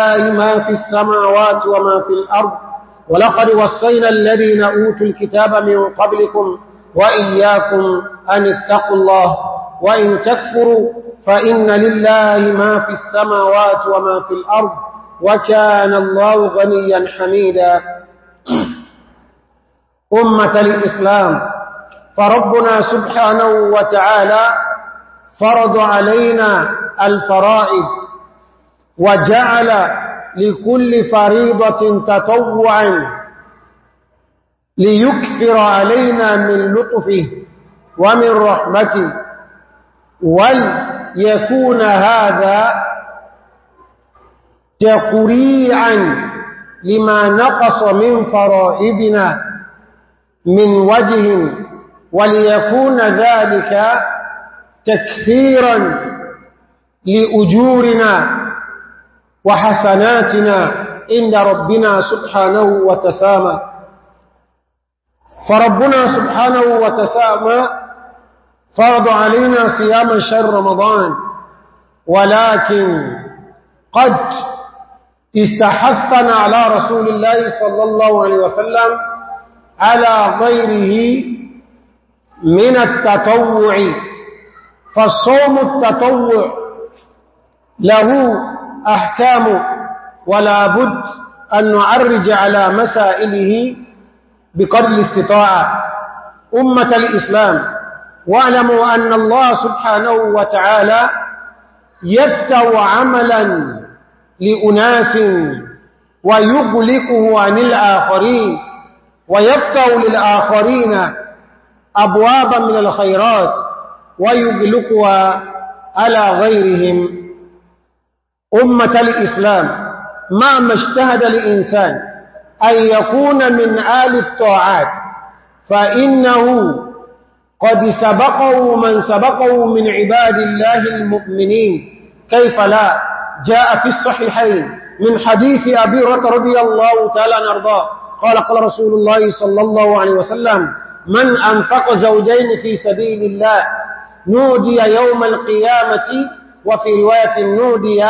لله ما في السماوات وما في الأرض ولقد وصينا الذين أوتوا الكتاب من قبلكم وإياكم أن اتقوا الله وإن تكفروا فإن لله ما في السماوات وما في الأرض وكان الله غنيا حميدا أمة الإسلام فربنا سبحانه وتعالى فرض علينا الفرائض وجعل لكل فريضة تطوعا ليكثر علينا من لطفه ومن رحمته وليكون هذا تقريعا لما نقص من فرائدنا من وجه وليكون ذلك تكثيرا لأجورنا وحسناتنا إن ربنا سبحانه وتسامى فربنا سبحانه وتسامى فرض علينا صيام شهر رمضان ولكن قد استحفنا على رسول الله صلى الله عليه وسلم على غيره من التطوع فالصوم التطوع له أحكام ولا بد أن نعرج على مسائله بقدر الاستطاعة أمة الإسلام واعلموا أن الله سبحانه وتعالى يفتو عملا لأناس ويغلقه عن الآخرين ويفتو للآخرين أبوابا من الخيرات ويغلقها على غيرهم أمة الإسلام مهما اجتهد لإنسان أن يكون من آل الطاعات فإنه قد سبقه من سبقه من عباد الله المؤمنين كيف لا جاء في الصحيحين من حديث أبي رك رضي الله تعالى نرضاه قال قال رسول الله صلى الله عليه وسلم من أنفق زوجين في سبيل الله نودي يوم القيامة وفي رواية نودي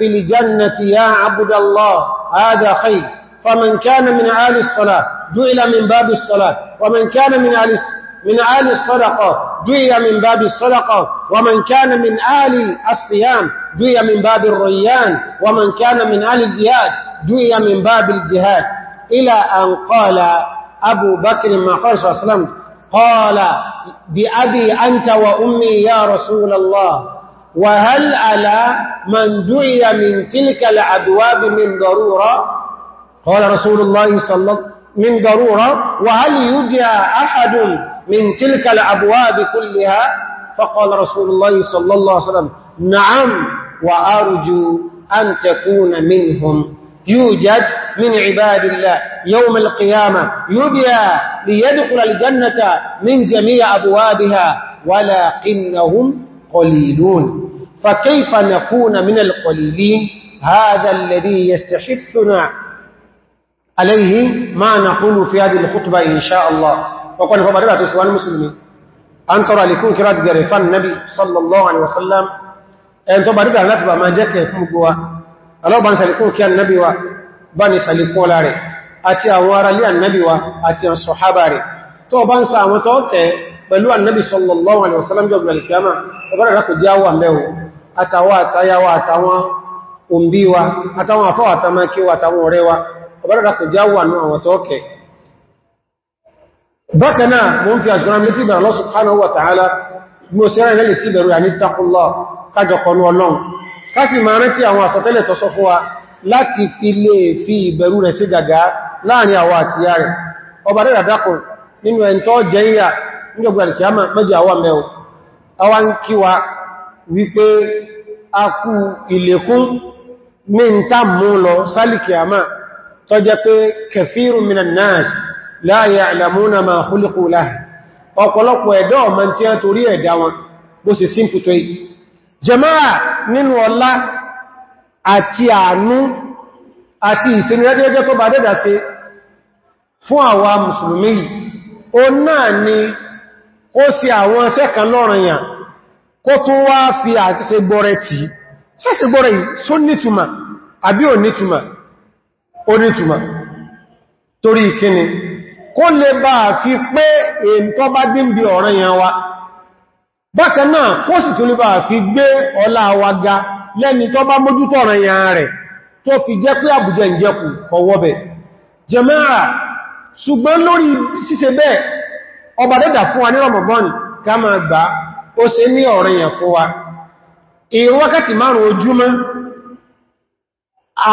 في الجنة يا عبد الله هذا خير فمن كان من آل الصلاة جئل من باب الصلاة ومن كان من آل من آل الصدقة جئ من باب الصدقة ومن كان من آل الصيام جئ من باب الريان ومن كان من آل الجهاد جئ من باب الجهاد إلى أن قال أبو بكر ما خرج أسلمت قال بأبي أنت وأمي يا رسول الله وهل على من دعي من تلك الأبواب من ضرورة قال رسول الله صلى الله من ضرورة وهل يدعى أحد من تلك الأبواب كلها فقال رسول الله صلى الله عليه وسلم نعم وأرجو أن تكون منهم يوجد من عباد الله يوم القيامة يدعى ليدخل الجنة من جميع أبوابها ولكنهم قليلون فكيف نكون من القليلين هذا الذي يستحثنا عليه ما نقول في هذه الخطبة إن شاء الله وقال فبررة سواء المسلمين أن ترى لكون كرات جريفان النبي صلى الله عليه وسلم أن تبررة نتبع ما جاك يكون جوا ألو بان سلكون كان النبي وبان سلكون لاري أتي أورا لي النبي وأتي الصحابة ري تو بان سامتوك pẹ̀lú annabi sallallahu alaihi wasallam jọ gbẹ̀lẹ̀ kìyàmà ọgbẹ̀rẹ̀ rákò jẹ́ àwọn mẹ́wọ̀ àtàwà àtàyàwà àtàwọn òmbíwa àtàwọn afọ́wà àtàmákíwà àtàwọn ọ̀rẹ́wà ọgbẹ̀rẹ̀ rákò jẹ́ àwọn àwọn tọ́ọ̀kẹ̀ bákanáà mọ́ fi àṣìkọ́nàmì tí bẹ̀rẹ̀ Allah subhanahu wa ta'ala mo ṣe rẹ̀ lẹ́lẹ̀ tí bẹ̀rẹ̀ àní taqullah kájọ kọlu ọlọ́run ká sì máa rántí àwọn àsọtẹ́lẹ̀ tọ́sọ fún wa láti fi lè fi ìbẹ̀rù rẹ̀ sí gàgá ẹ̀ntọ́ jẹ́ ìyà níjọba alìkìyàmà mẹ́jì àwọ́ mẹ́o àwa ń kí wa wípé a kú ìlẹ̀kún ní ń tà mú lọ sálìkìyàmà tó jẹ́ pé kẹfírun minan nas la ya'lamuna ma khuliqu lahu ọ̀pọ̀lọpọ̀ ẹ̀dọ́ ọmọ tí a torí ẹ̀dá wọn bó sì sí pùtò ì jẹmáà nínú fún àwa mùsùlùmí o náà ni ó sì àwọn ẹsẹ́ kan lọ́ranyàn kó tún wá fi àti ṣe gbọ́rẹ̀ tí ṣẹ́sẹ̀ gbọ́rẹ̀ yìí só nítùmà àbí ò nítùmà ó nítùmà torí ìkíni kó lè bá fi pé èntọ́ bá wa bákan náà kó sì fi gbé ọlá wa ga lẹ́ni tó bá mójútó ọ̀ranyàn rẹ̀ tó fi jẹ́ pé ìjẹkù lórí ṣíṣe bẹ́ẹ̀ ọba dẹ́dà fún wa ní Ramadan ká máa gbà ó ṣe ní ọ̀rẹ́ yẹn fún wa ìrun wákàtí márùn ojúmọ́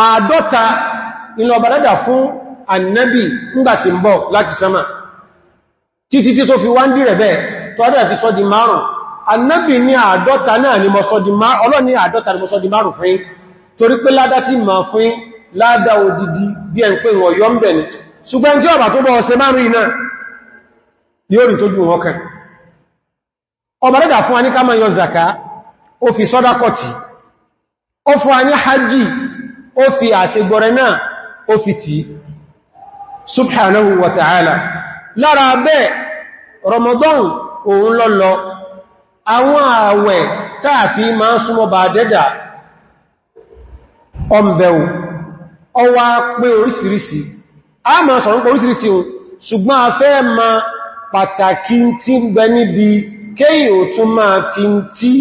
àádọ́ta ilẹ̀ ọba dẹ́dà fún annabi ńgbàtí ń láti sama títí tí tó fi wá ń bẹ́ẹ̀ tó adẹ́ sọ di márùn ṣùgbọ́n tí ọba tó bọ́ ọ̀sẹ̀ márùn-ún yóò rí tó ju wọn kan fún wa ní yọ zaka ó fi sọ́dákọ̀tì ó fún wa ní hajji ó fi àṣegbọ̀rẹ̀ náà ó fi tí subhanahu wa ta'ala lára ramadan òun lọ́lọ àwọn ààwẹ̀ táàfí máa ń súnmọ́ bá dẹ́dà ọmbẹ̀wò ọwá pé orísìírísìí a máa sọ̀rọ̀ orísìírísìí ṣùgbọ́n a fẹ́ máa pàtàkì tí ń bẹ níbi kéyìn ò tún máa fi tí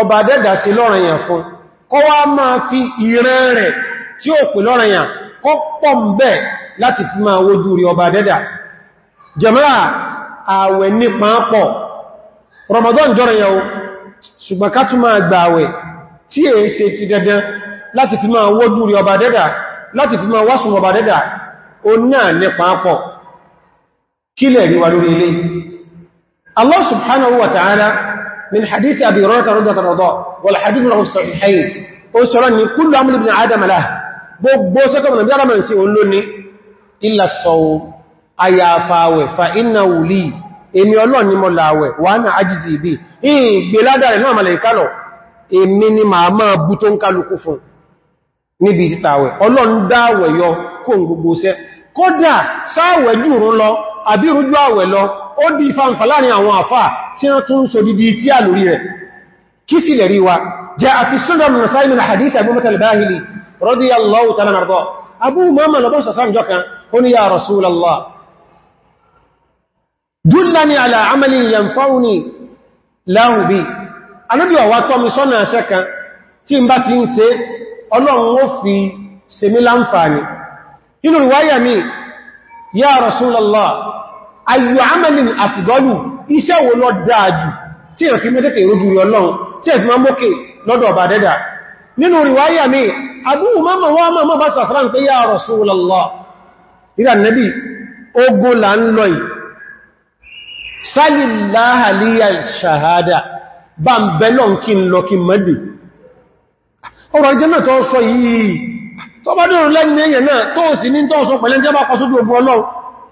ọba dẹ́dà sí lọ́ranyàn fún kọ́ wá máa fi ìran rẹ̀ tí ó pè lọ́ranyàn kọ́ pọ̀ ń bẹ láti fi máa wojú rí ọba dẹ́dà jẹ́mọ́ra ààwẹ̀ nípa pọ̀ Ramadan jọ́ranyàn o ṣùgbọ́n ká tún máa gbààwẹ̀ tí è ṣe ti dandan láti fi máa wojú rí ọba dẹ́dà láti fi máa wásùn ọba dẹ́dà ó náà nípa pọ̀ kílẹ̀ rí wa lórí ilé Allah subhanahu wa ta'ala min hadith abi rọ́ta rọ́ta rọ́ta wal hadith rọ́ta sahihayn ó sọ́rọ̀ ní kullu amali ibn adam lah gbogbo sọ́tọ̀ mọ̀nà bíára mọ̀ sí òun lónìí illa sọ́wọ́ ayàfàwẹ̀ fa inna wuli èmi ọlọ́ ni mọ́ láwẹ̀ wà náà ajízi ibi ìgbèládàrẹ̀ náà mọ̀lẹ̀ ìkálọ̀ èmi ni màá máa bú tó ń kálukú fún níbi títàwẹ̀ ọlọ́ndáwẹ̀ yọ kó gbogbo sẹ́ kódà sáwẹ̀ jùrún lọ àbí rújú àwẹ̀ lọ ó dí ìfàǹfà láàrin àwọn àfà tí wọ́n tún so dídí tí à lórí rẹ̀ kí sì lè rí wa jẹ́ àfi sunan nasai min hadith abu matal bahili radiyallahu ta'ala anhu abu mama lọ́bọ̀ sàsán jọ kan ó ní ya rasulallah dullani ala amalin yanfa'uni lahu bi anábí ọ̀wá tọ́ mi sọ́nà ẹ̀ṣẹ́ kan tí ń ya rasulallah ayò àmàlìn àfìdọ́lù iṣẹ́ wo lọ dáájú tí ẹ̀ fi mẹ́tẹ̀tẹ̀ ìrójú rí ọlọ́run tí ẹ̀ fi máa mọ́kè lọ́dọ̀ ọba dẹ́dà nínú ríwáyà mi abúrú mọ́mọ̀ wá mọ́mọ̀ bá sàsàrán pé yá Rasulullah ìrà nẹ́bí ogun là ń lọ yìí sálìláhà líyà ṣàhádà bá ń bẹ lọ́n kí ń lọ kí mẹ́dì ọ̀rọ̀ ìjẹ́mẹ́ tó sọ yìí tó bá dúró lẹ́ni ẹ̀yẹ̀ náà tó sì ní tó sọ pẹ̀lẹ́ jẹ́ bá kọ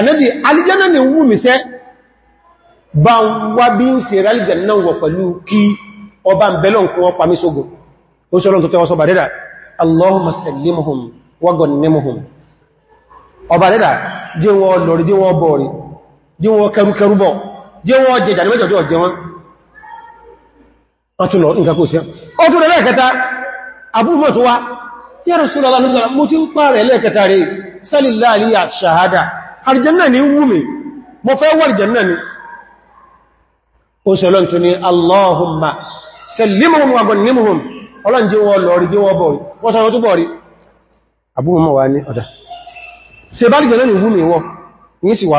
ànábì alìjẹ́nà ni wù mí sẹ́ bá ń wá bí ń se rálìjẹ̀ náà wọ pẹ̀lú kí ọba bẹ̀lọ́n kún ọpa mí sógùn ó ṣọ́lọ́n tó tẹ́wọ́ sọba rẹ̀dà Allahumma sallimhum wa ọba rẹ̀dà jẹ́ wọn lọ́rí jẹ́ wọn bọ̀rí jẹ́ wọn je won wọn jẹ́ jẹ́ mẹ́jọ jẹ́ wọn àtúnlọ nǹkan kò sí ya Rasulullah mo ti ń pààrẹ̀ sallallahu rẹ̀ wa àrìjẹ́nà ni wù mí mo fẹ́ wà àrìjẹ́nà ni ó ṣe ọlọ́n tó ní Allahumma sallimuhum wa ghannimuhum ọlọ́n jẹ́ wọ́n lọ rí jẹ́ wọ́n bọ̀rí wọ́n tọ́rọ tó bọ̀rí àbúrò mọ́ wà ní ọ̀dá ṣe bá àrìjẹ́nà ni wù mí wọ́n yí sì wà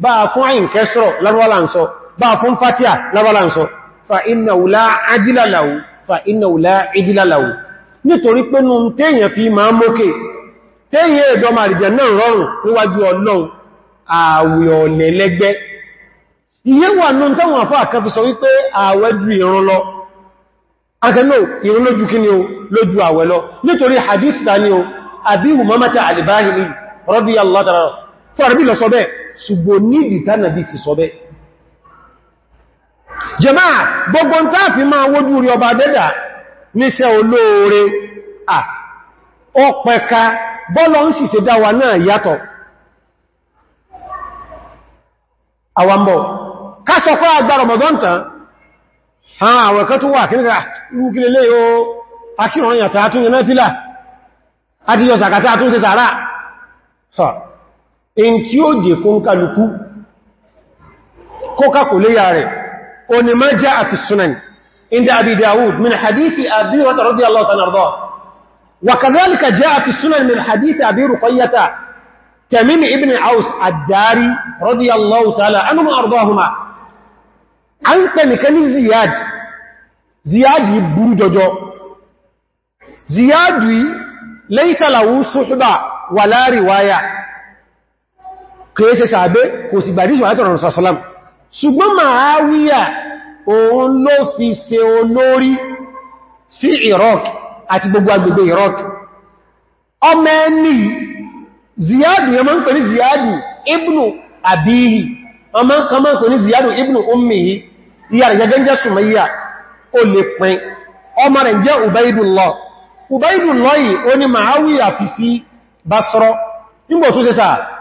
bá fún àyìn kẹsọ́rọ̀ lárúwálà ń sọ bá fún fatia lárúwálà ń sọ fa inna wùlá adílàláwù fa inna wùlá adílàláwù nítorí pé nù téèyàn fi máa mókè téèyàn ẹ̀dọ́mà àrìjẹ̀ náà rọrùn níwájú ọlọ́run ààwẹ̀ ọ̀lẹ́lẹ́gbẹ́ iye wà nù táwọn àfá àkàfi sọ wípé ààwẹ̀ ju ìrun fún àrẹ́bí lọ sọ bẹ́ẹ̀ ṣùgbọ́n nídìí tánàbí fi sọ bẹ́ jẹmáà gbogbo táà máa wójú rí ọba dẹ́dà níṣẹ́ olóore à ọpẹka bọ́lọ ń ṣìṣẹ́ dáwà náà yàtọ̀ àwàmbọ̀ kásọ̀kọ́ àgbà Ramadan tán àwọn ẹ̀kọ́ tó wà kí nígbà rúkílélé o akíràn yàtà àtúnyẹ in tí ó jẹ kó ń kálukú kó kàkò léyà rẹ̀ o ni má já àti sunan inda abi dawud min hadithi abi wata radiyallahu tanarda wa kadhalika jaa fi sunan min hadithi abi ruqayyata tamim ibn aus ad-dari radiyallahu ta'ala anhum ardahuma an tanikani ziyad ziyad buru jojo ziyad laysa lahu suhba wala riwaya kìí ṣe sàbẹ́ kò sì gbàdíṣù àtọ̀rọ̀ sàṣàlám ṣùgbọ́n Màáwíyà òun ló fi ṣe olórí sí Iraq àti gbogbo agbègbè Iraq ọmọ ẹni Ziyadu yẹ máa ń pè ní Ziyadu ibnu Abihi ọmọ kan máa ń ní Ziyadu ibnu Ummihi ìyá rẹ̀ gẹ́gẹ́ jẹ́ ó lè pin ọmọ rẹ̀ jẹ́ Ubaidullah Ubaidullah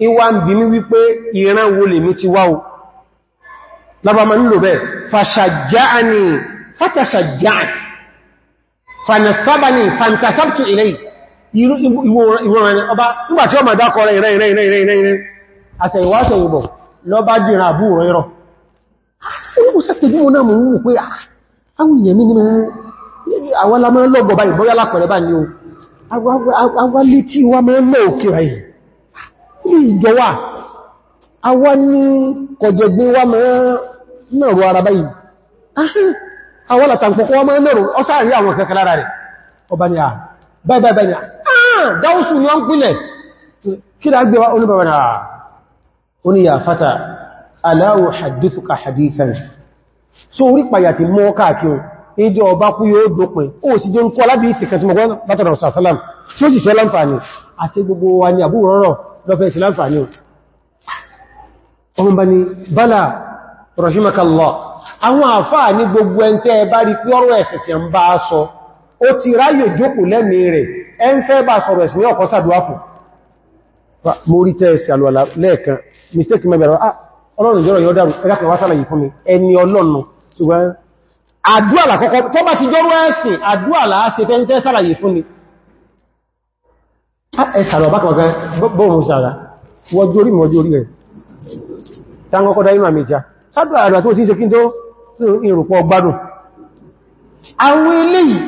ìwà ń bí mi wípé ìran wo lè mi ti wáwó lábàmà nílò bẹ́ fàṣàjáàni fàtàṣàjáàni fànàsábàni fàntàsábtù ilẹ̀ ìwòrán ọba nígbàtí ọmọ dákọ rẹ̀ rẹ̀ rẹ̀ rẹ̀ rẹ̀ rẹ̀ àtẹ̀wàṣẹ̀ ìbọ̀ lọ bá dìran àbú rẹ̀ rọ̀ ah, ìjọwà awá ní kọjẹgbé wá mẹ́rọ ara báyìí àwọn àtàkùnkọ́ wá mẹ́rọ ọsáàrí àwọn kẹkẹ lára rẹ̀ ọba ni ni wá olúbẹ̀rẹ̀ náà ó ní ya fata aláwò hadithuka hadithan so ìjọ ọba kú yóò dópin ó sì jẹ́ ń kọ́ lábí ìfẹ̀kẹ́ tí látọ̀rọ̀ tí ó sì àti gbogbo wa ni lọ́fẹ́ sí láǹfààní ọmọ bá ní bala rahimakallah àwọn àfáà ní gbogbo ẹntẹ́ bá rí pí ọ̀rọ̀ ẹ̀sẹ̀ tí a ń bá sọ ó ti ráyè jókù lẹ́mí rẹ̀ ẹn fẹ́ bá sọ̀rọ̀ ẹ̀sìn ní ọkọ̀ sàdúwà fún mo rí tẹ́ẹ̀sì alwàlá lẹ́ẹ̀kan mistake mẹ́bẹ̀rẹ̀ ah, ọlọ́run jọ́rọ̀ yọ́ àdúà lákọ̀ọ́kọ́ tó bá ti jọ́rọ̀ ẹ̀sìn àdúà làá ṣe ń tẹ́ sálàyé fún mi Ah, ẹ̀sàrọ̀ esara kọ̀ọ̀kan bóòmù sára wọ́jú orí mọ̀jú orí rẹ̀ táwọn kọ́dá ìmà mẹ́ta sábà àrà tó ti ṣe kí tó ìrùpọ̀ gbádùn àwọn eléyìí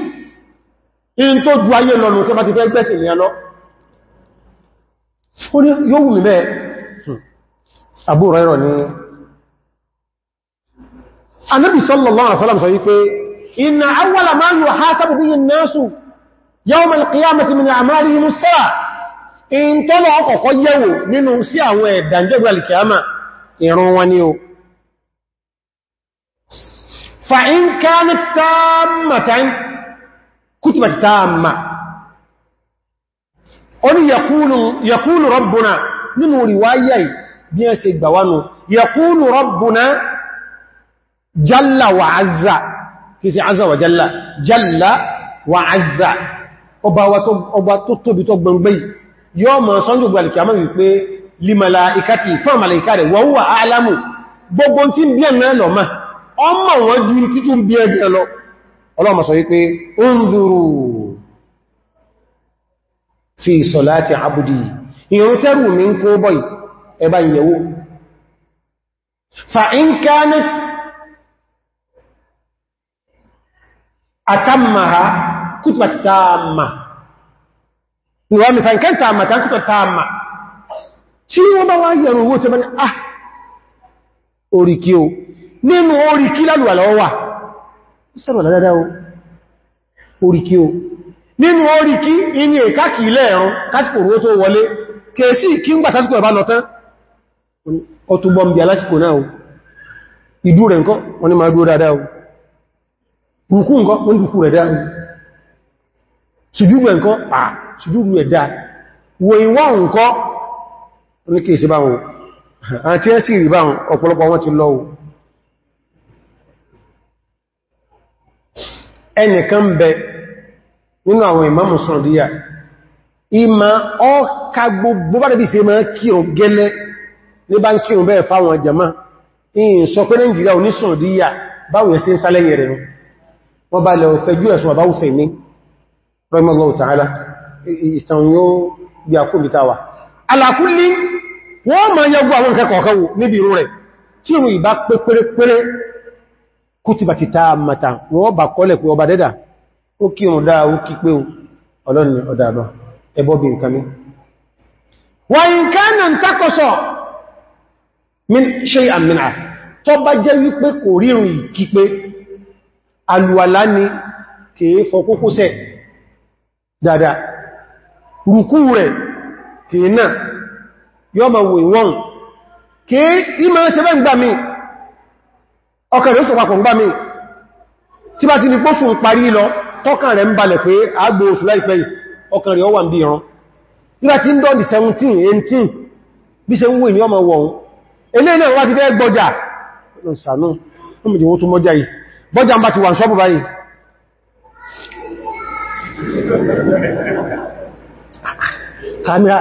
in tó ju ayé lọ́nà tó bá ti fẹ́ gbẹ́sì ìyàn lọ hmm. ni يوم القيامة من أعمالهم السرع إن تلعق قيو من أسيا ويدانجب إيه الكيامة إرواني فإن كانت تامة كتبت تامة قل يقول, يقول ربنا من رواية بيسك بوانو يقول ربنا جل وعز كيسي عز وجل جل وعز ọba tó tóbi tó gbọmgbẹ́ yóò mọ̀ sọ́njọ́ gbàlìkì àmọ́ wípé limala ikati fún àmàlìkà rẹ̀ wọ́n wà gbogbo tí ń bí ẹ̀mẹ́ lọ ma ọmọ wọn ju títú bí ẹgbẹ́ lọ ọlọ́mọ sọ wípé unzuru fi abdi ìrún tẹ́rù a ń kó كتبة تامة ومثلا كان تامة كان كتبة ma شنو ما taa ma اه orikio nínú oríkí lálùwà lọ́wọ́ wà sẹ́rọ̀ ládáadáa o orikio nínú oríkí inú ìkáàkì ilẹ̀ ẹ̀rùn kásìkò rówó tó wọlé kí ń gbà sásìkò o ṣùjúrù ẹ̀kọ́ à ṣùjúrù ẹ̀dá wo ìwọ́ ǹkọ́ ní kìí sí báwọn àti ẹ́sì rí báwọn ọ̀pọ̀lọpọ̀ wọn ti lọ́wọ́ ẹnìkan bẹ nínú àwọn ìmáàmù sọ̀díyà ìmá ọka gbogbo bá dẹ̀bí se máa kírùn gẹ́lẹ́ ní bá ń kírùn bẹ́ẹ̀ fáwọn jama ìyìn sọ pé Nàìjíríà onísọ̀díyà báwọn ẹ̀sẹ̀ sálẹ́yìn rẹ̀ wọ́n bá lẹ̀ ọ̀fẹ́jú ẹ̀sùn àbáwọ̀fẹ́ ní rahimallahu ta'ala ìtàn yóò bí àkóbi tàwà alákúlí wọ́n ma yọgbọ́ àwọn kẹkọ̀ọ́kọ́wò níbi irú rẹ̀ tí irú ìbá mata wọ́n bà kọ́lẹ̀ pé ọba dẹ́dà ó kí irun dáa ó kí pé ọlọ́ni ọ̀dàbà ẹbọ́ bí nǹkan mi wà nǹkan náà takọsọ̀ ṣe àmìnà tó bá jẹ́ wípé kò rírun ìkí alùwàlá ni kèé fọ kókósẹ̀ dada rùkú rẹ̀ tèèna yọ ma wò ìwọ̀n kí ìmọ̀ ṣe bẹ́ gbà mí ọkà rẹ̀ sọpapọ̀ gbà mí tí bá ti ní pọ́ fún parí lọ tọ́kà rẹ̀ ń balẹ̀ pé àgbò oṣù láìpẹ́ ọkà rẹ̀ ọwà ń bí ìran nígbà tí ń dọ́dì 17 18 bí ṣe ń wò ní ọmọ wọ̀n ilé náà wá ti fẹ́ gbọjà lọ́sànú ọmọdé wọ́n tó mọ́jà yìí bọ́jà kàmírà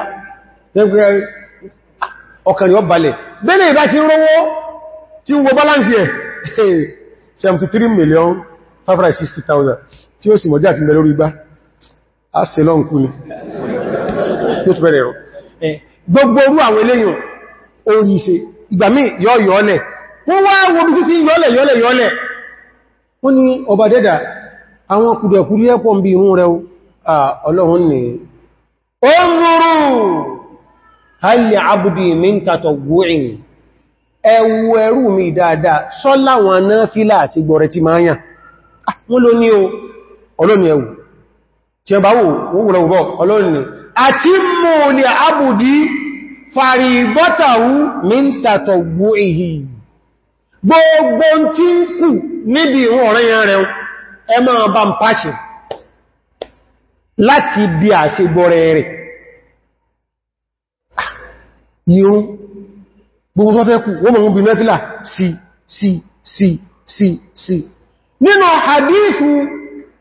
ọkàrin ọbalẹ̀ bẹ́lẹ̀ ìbá ti rówó tí ń wo balance ẹ̀ 73 million 560,000 tí ó sì mọ̀já àti ìbẹ̀lẹ̀ orí igbá a se lọ́n kú ni tó tó bẹ̀rẹ̀ rọ gbogbo orú àwọn eléyìn orí ìṣe ìgbàmí yọ́ yọ́ọ̀lẹ̀ wọ́n wá wo bí títí yọ́ọ̀lẹ̀ yọ́ọ̀lẹ̀ yọ́ọ̀lẹ̀ ọlọ́run ni ó rúrú hálì àbúdì míntatọ̀ wúrin ẹwú ẹrù mi dáadáa sọ́lá wọn náà fi sí gbọ́rẹ̀ ti máa yàn wọ́n ló ní o ọlọ́run ẹwù tí ẹ bá wò wọ́n wùrọ̀ Ati ni àti mọ́ lè àbúdì fàrígọ́tàwú gbogbo láti bí àṣegbọ́rẹ̀ rẹ̀ ah, irun gbogbo tó fẹ́ kú wọ́n mọ̀ bí mẹ́fílà sí sí sí sí sí nínú hadithu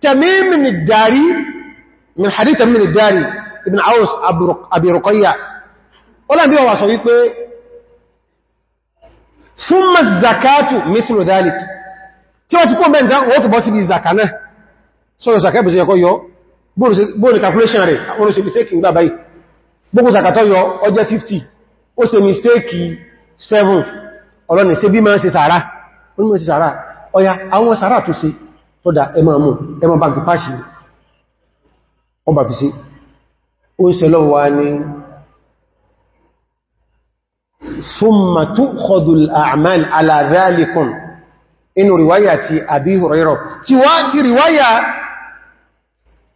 tamimin dari min hadith tamimin dari ibn aus abi ruqayya wọ́n wà sọ wípé thumma zakatu mithlu dhalik tí wọ́n ti kó mẹ́ta zaka bóòrì calculation rẹ̀ wọ́n ṣe mistake ń gbàbáyì gbogbo sàkàtọ́ yọ ọjẹ́ 50 ó ṣe mistake 7 ọlọ́ni ṣe bí máa ṣe sàárá oní mọ́ ṣe sàárá ọya àwọn sàárá tó ṣe tọ́dà ẹmọ mú ẹmọ bá fi páṣì wọ́n fi sí ó ń ṣe lọ́wọ́ ni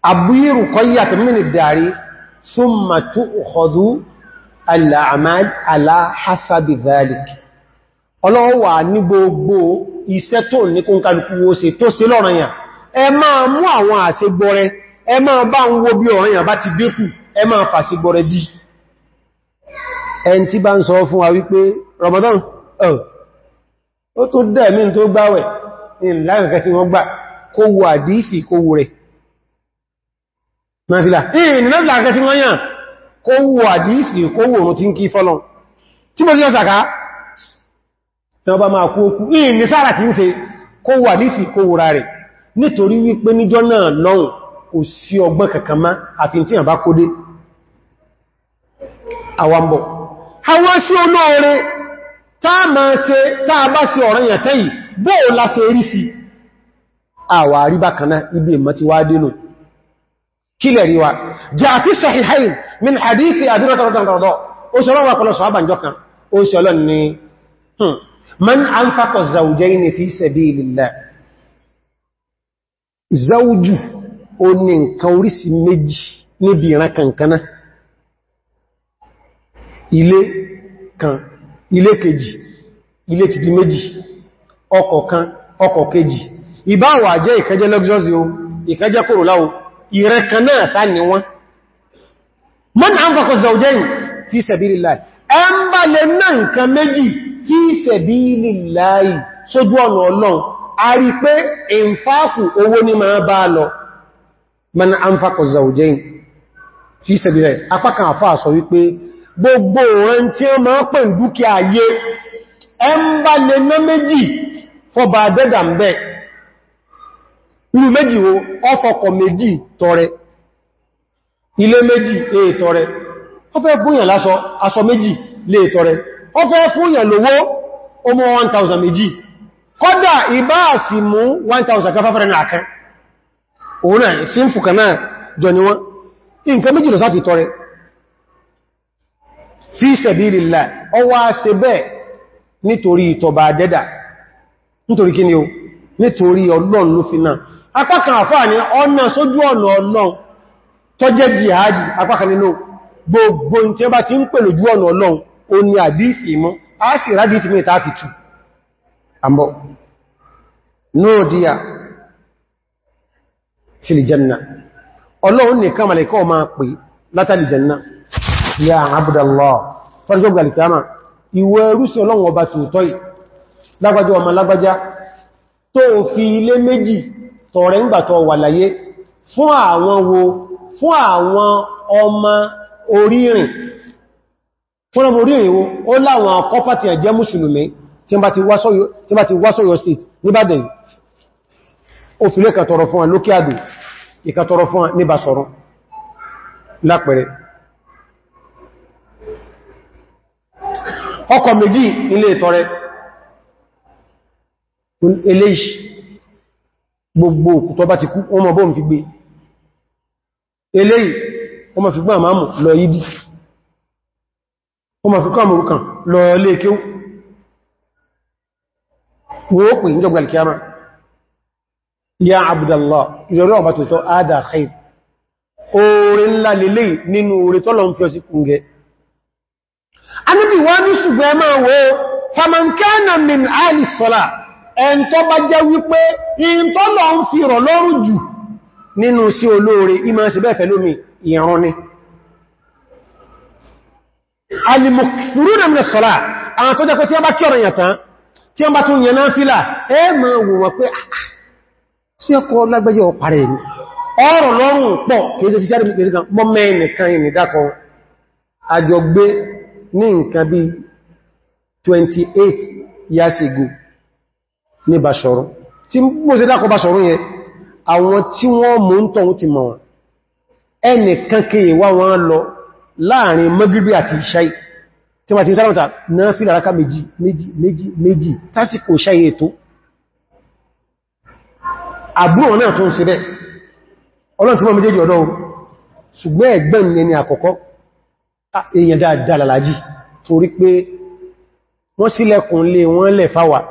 àbúyírù kọ́yà tó mìnì dárí súnmà tó ọ̀họ̀dú al'amal aláhásábì dhalik ọlọ́wà ní gbogbo iṣẹ́ tó ní kún kálukúwó ṣe tó ṣe lọ́ranyà ẹ máa mú àwọn àṣẹ gbọ́rẹ ẹ máa bá ń wo bí ọ̀ranyà bá ti dínkù ẹ máa fàṣẹ gbọ́rẹ dí ẹn tí bá ń sọ fún wa wípé Ramadan ó tó dẹ̀ mí tó gbáwẹ̀ náfílà ìrìn náfílà akẹ́ tí wọ́n yàn kó wò àdífì kó wò òun tí ń kí fọ́lọ́n tí mo yàn sàká náà bá máa kú okú ìrìn sára tí ń se kó wò àdífì kó wò rárẹ̀ nítorí wípé níjọ́ náà lọ́hùn kò sí ọgbọ́n kankan má àfi tí yàn bá kó àwambọ̀ àwọn sí ibi ìmọ̀ ti kílẹ̀ ríwá jẹ́ àfi sahihain min hadithi àdúrátàrátàrátà ó ṣe rọ́wà pọ̀lọ̀ sọ́hábàn jọkan ó ṣe ọlọ́n ni hmm, man an fàkọ̀ zaujẹ́ ní fi sabilillah zaujú ó ní nǹkan orísìí méjì níbi ìran kankana ilé kan ilé kejì ilé títí méjì ọkọ̀ kan ọkọ̀ kejì ìbáwà jẹ́ ìkẹjẹ́ luxury ìrẹ́kan náà sá ni wọ́n mọ́n àǹfàkọ̀ zàújẹ́yìn fi sabilillah ẹn bá lè náà nǹkan méjì fi sabilillah sójú ọ̀nà ọlọ́run a rí pé ìǹfàkù owó ní máa bá lọ mọ́n àǹfàkọ̀ zàújẹ́yìn fi sabilillah apákan àfáà tí ní méjì wo ọfọkọ̀ méjì tọrẹ ilé méjì lè tọrẹ ó fẹ́ fúnyàn lásọ asọ méjì lè tọrẹ ó fẹ́ fúnyàn lówó ọmọ 1000 méjì kọ́dà ìbáàsì mú 1000 káfẹ́fẹ́rẹ́ lákan òun náà sí ń fùkà náà jọ ni wọ́n nǹkan méjì lọ sáfi tọrẹ fi sabilillah ọwá ṣe bẹ́ẹ̀ nítorí ìtọba dẹ́dà nítorí kí ni o nítorí ọlọ́run ló fi náà apákan àfáà ní ọ̀nà sójú ọ̀nà ọlọ́run tó jẹ́ jihadi apákan nínú gbogbo tí ó ti ń pè lójú ọ̀nà ọlọ́run o ni mọ́ a sì rádífì mẹ́ ta fi tù àmbọ̀ nóòdíyà sí lè jẹ́nà ọlọ́run nìkan màlẹ̀kọ́ máa pè látàlì jẹ́nà ya abdallah tó fi ilé méjì tọ̀rẹ̀ ń gbàtọ̀ wà láyé fún àwọn wo fún àwọn ọmọ orírìn fún ọmọ orírìn wo ó láwọn akọ́pàtì ẹ̀jẹ́ mùsùlùmí tí bá ti wá sọ́yọ́ state níbàdàn òfìlé kàtọ̀rọ̀ fún lókè àdù ìkàtọ̀rọ̀ fún níbà sọ̀rọ̀ lápẹẹrẹ ọkọ̀ méjì ilé ìtọrẹ gbogbo òkú tó bá ti kú wọ́n mọ̀ bóòm fi gbé eléyìí wọ́n mọ̀ fi gbọ́n àmàmù lọ yídí wọ́n mọ̀ fi kọ́ àmúrúkàn lọ lé kí wọ́n pè ní jọgbàl kíyàmà ya Abdallah ìrọ̀rọ̀ ọba tó tọ́ ádà khair oore ńlá lélé nínú oore tọ́lọ min ahli salah ẹn tó bá jẹ́ wípé in tó lọ ń fi rọ̀ lọ́rùn jù nínú sí olóore ìmọ̀ sí bẹ́ẹ̀ fẹ́lómi ìran ni alìmọ̀kúrúnà mẹ́ sọ́lá àwọn tó jẹ́ pé tí wọ́n bá kí ọ̀rọ̀ yàtán tí wọ́n bá tún yẹ̀nà ah, ah, ni ọ̀rọ̀ lọ́rùn pọ̀ kèèsè fi sẹ́rẹ̀ kèèsè kan 28 years ago ní Bàṣọ̀rún tí mo ṣe dákọ Bàṣọ̀rún yẹn àwọn tí wọ́n mú ń tọ̀hún ti mọ̀ ẹnì kankeye wá wọn lọ láàrin Magribi àti Ìṣáì tí wọ́n ti sáramta náà fi láraká méjì méjì méjì méjì tásìkò Ìṣáì ètò àbúrò náà tó ń ṣe bẹ́ẹ̀ ni ẹni àkọ́kọ́ èèyàn dáadáa lálàájì torí pé wọ́n sílẹ̀kùn lè wọ́n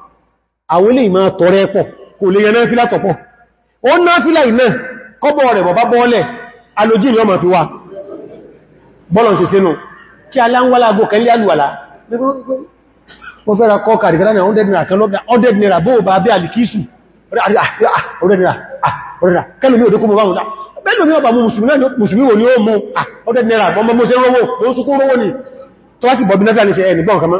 àwọn ilé ìmá tọrẹ pọ̀ kò lè yẹn náfílà tọ̀pọ̀ ó náfílà ìmẹ́ kọ́bọ̀ rẹ̀ bọ̀bá bọ́ọ̀lẹ̀ alójí ni ó ma fi wá bọ́lọ̀ ṣe sínú kí aláwọ́lá agbó kẹ́lé alùwàlá mo fẹ́ ra kọ́ kàrìkàrà ní 100 naira kan lọ́gbà 100 naira sí ah, ah, ah, bọ̀bí náà fi àníṣẹ́ ẹni bọ́n kamọ́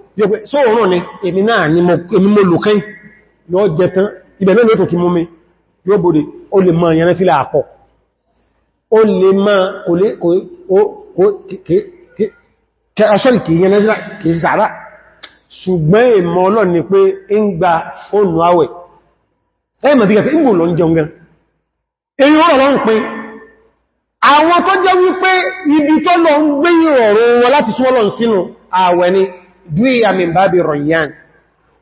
tí ó pẹ́ só òun ní èmi náà ni mo lò kẹ́ yóò jẹ tán ibẹ̀ náà lóòtò ti mú mi yóò bòdè ó lè mọ ìyẹn fílà àpọ̀ ó lè mọ́ kò lè kẹ́ ọ̀ṣọ́rì kì ìyẹn ah, náà kì í sàárà ṣùgbọ́n èmọ́ ọlọ́ ni pé ń gba fóònù àwẹ̀ ẹ̀mọ̀ ti gẹ̀ẹ́ ìgbò lọ ń jẹun gan àwọn tó jẹ́ wípé ibi tó lọ ń gbé ìrọ̀rùn wọn láti súnmọ́ lọ sínú àwẹ̀ ni dúí àmìbábi rọ̀yán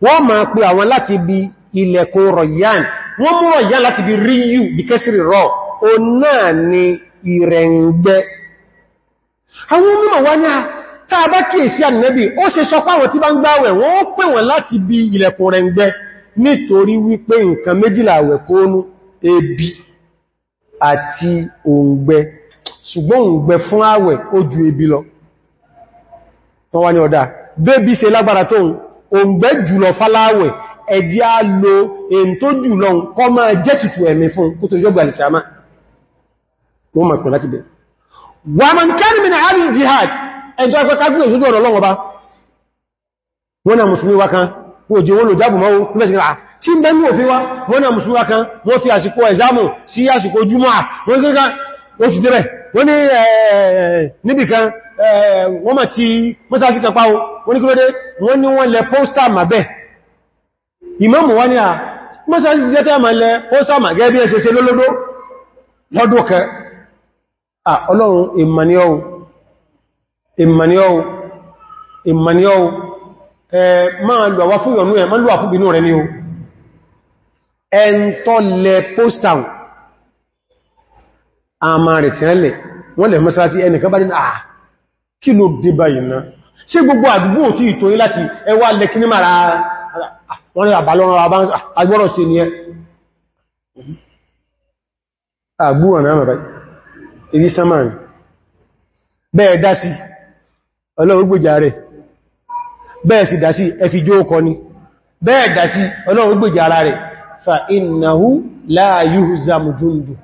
wọ́n ma pè àwọn láti bí ilẹ̀kùn rọ̀yán wọ́n mú rọ̀yán láti bí ríyù bí kẹsìrì rọ̀ o náà ni ìrẹ̀ǹgbẹ́ àwọn mímọ̀ wá ní tàbá kíèsí ànìyàn ó ṣe sọ pé àwọn tí bá ń gbáwẹ̀ wọ́n pè wọ́n láti bí ilẹ̀kùn rẹ̀ǹgbẹ́ nítorí wípé nǹkan méjìlá àwẹ̀ ebi àti òǹgbẹ ṣùgbọ́n òǹgbẹ fún àwẹ̀ ó ju ebi lọ wọ́n wá ní ọ̀dá bébí ṣe lágbára tó òǹgbẹ́ jùlọ fáláwẹ̀ ẹ̀dí á lo èyí tó jùlọ kọ́ máa jẹ́ tutù ẹ̀mí fún kó tó jọ́gbà alìkàmá wọ́n ma pẹ̀lá ti bẹ̀. wà mọ̀n kẹ́rin mìíràn àrí jihad ẹjọ́ ẹgbẹ́ kágbé òṣójú ọ̀rọ̀ lọ́wọ́ bá wọ́n na musulmi wá kan wọ́n jẹ́ wọ́n lò jábù mọ́wó tí ń bẹ́nu òfin wá wọ́n na musulmi wá kan wọ́n fi àsìkò ẹ̀zámù sí àsìkò jùmọ́ wọ́n Nibikan. níbìkan wọ́n ma tí mọ́sásí kan páwọ́ wọ́n ní eh, eh, eh, kílódé wọ́n ní wọ́n lẹ póstà ma bẹ́ ìmáàmù wọ́n ní à ah, mọ́sásí jẹ́ ma mà ah, lẹ póstà ma gẹ́ bí ẹsẹsẹ lólódó lọ́dún kẹ ọlọ́run ìmàníọ́wò ìmàníọ́wò ìmàníọ́wò lu o àmà rẹ̀ tí wọ́n lẹ̀ mọ́sálásí ẹnìkan bá ní àà ah, kí ló dé báyìí náà ṣe gbogbo àdúgbò tí ìtòrí láti ẹwà lẹ́kíní mara ah, wọ́n ah, ni àbálọ́rọ̀ agbọ́rọ̀ sí ni ẹ àgbúwọ̀n náà bàbá ibi bẹ́ẹ̀ ọlọ́run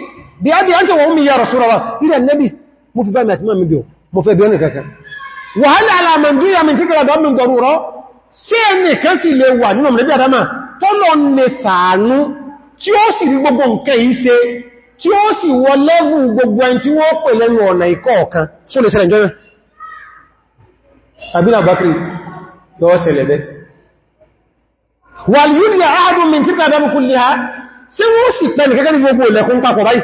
bí ábí ánkẹ wọ́n mi ya Rasulullah ilẹ̀ nẹ́bí mo fi bá mi àti mọ́ mi bí o mo fẹ́ bí ọ́nà kankan wàhálà alamọ̀dúyà mi fíkìlá dọ́mí dọ̀rọ̀ sí ẹni kan sì lè wà nínú mẹ́bí àdámà tó lọ nẹ sàánú tí ó sì rí gbogbo nǹkan yìí ṣe tí ó sì wọ lẹ́wù gbogbo ẹni tí wọ́n pè lẹ́nu ọ̀nà ikọ̀ ọ̀kan tí ó lè ṣẹlẹ̀ jọ́nà yọ́ ṣẹlẹ̀ bẹ́ àádùn mi fíkìlá dọ́mí kúlẹ̀ ha sí wọ́n sì pẹ̀lú kẹ́kẹ́ ní gbogbo ilẹ̀kùn papọ̀ báyìí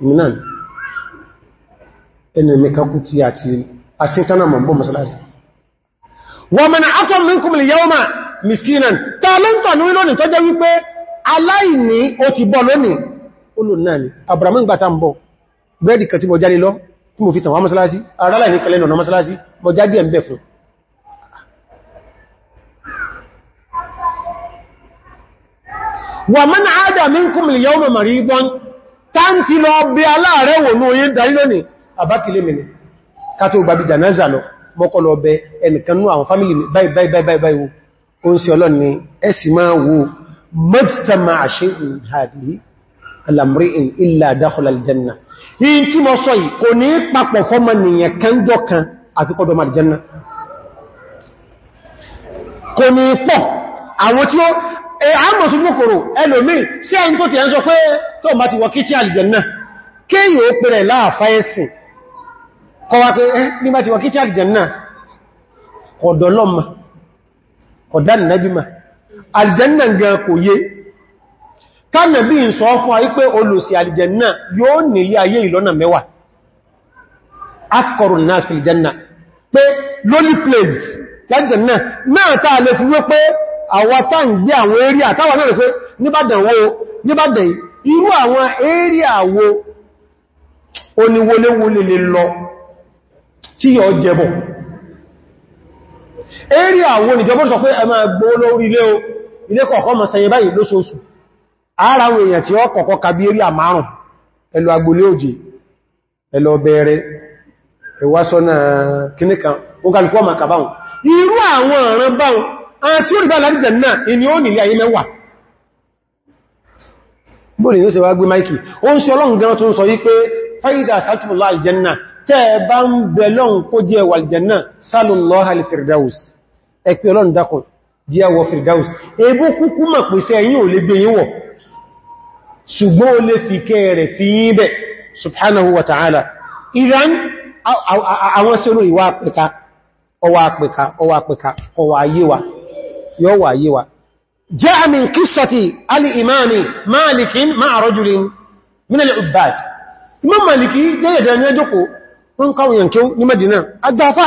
minan ẹni mẹ́kakú tí a ti asíntánà mọ̀ bọ́ masalasi wa man atom minkum al-yawma miskinan tààlọ́ntà ní lónìí tó jẹ́ wípé aláìní ó ti bọ́ lónìí olùnáni abrahamu gbata ń bọ̀ bẹ́ẹ̀dì kan tí mo wa man aada minkum al-yawma maridan táǹtí lọ bí aláàrẹ́ wò ní oyé darí lónìí àbákilé mi ni kátó gbàbí jànáza lọ mọ́kọ́ lọ bẹ ẹnìkan ní àwọn fámílì báyìí báyìí báyìí báyìí wo ó ń ṣe ọlọ́ni ẹ̀sì máa wo mọ́títàmà àṣíhùn hàdìí alamri'in illa dakhala aljanna yìí tí mo sọ yìí kò ní papọ̀ fọ́mọ nìyàn kánjọ́ àmọ̀sùn eh, mọ́kòrò ẹlòmí sí ẹni tó ti ẹn sọ pé tó bá ti wọ kí tí àlìjẹ̀nà kéyìí ó pẹ̀rẹ̀ láàfá ẹ̀sìn kọwa pé ní eh, bá ti wọ kí tí àlìjẹ̀nà kọ̀dọ̀lọ́mà kọ̀dánàbímà àlìjẹ̀nà gan àwọn tá ń gbé àwọn eré àtàwà náà rẹ̀ pé níbàdàn wo níbàdàn irú àwọn eré àwo oníwọléwọlé lè lọ tí yọ jẹbọ̀ eré àwo nìjọba sọ pé ẹ máa gbó lórí ilé o ilé kọ̀ọ̀kan mọ̀ sẹyẹ báyìí lóṣooṣù ara àwọn èèyàn tí ó kọ̀ọ̀kọ́ kàbí eré àmárùn ẹlò agbolé òjì ẹlò bẹ̀rẹ̀ ẹwà sọ́nà kìníkan ó kàlùkọ́ màkàbáhùn irú àwọn ọ̀ràn báhùn àti ah, ó rígbà láti jẹ̀nà ìní ó nílé ayé mẹ́wàá bóòlì ní ó sì wá gbé maiki ó ń sọ ọlọ́run gan tó ń sọ yí pé fáyídà sátúmùlá aljanna tẹ́ bá ń bẹ lọ́n kó jẹ́ wà aljanna sálùlọ́ha lè firdaus ẹ̀pẹ́ ọlọ́run dákùn ìwà àpẹka ọwà àpẹka ọwà àpẹka ọwà ayéwa yóò wà yíwa jaa min qissati al-imami malikin ma'a rajulin min al-ubbad imam maliki jẹ́yẹ̀dẹ̀ ní ẹjọ́kò wọ́n káwọn yankin ní Madina agbáfà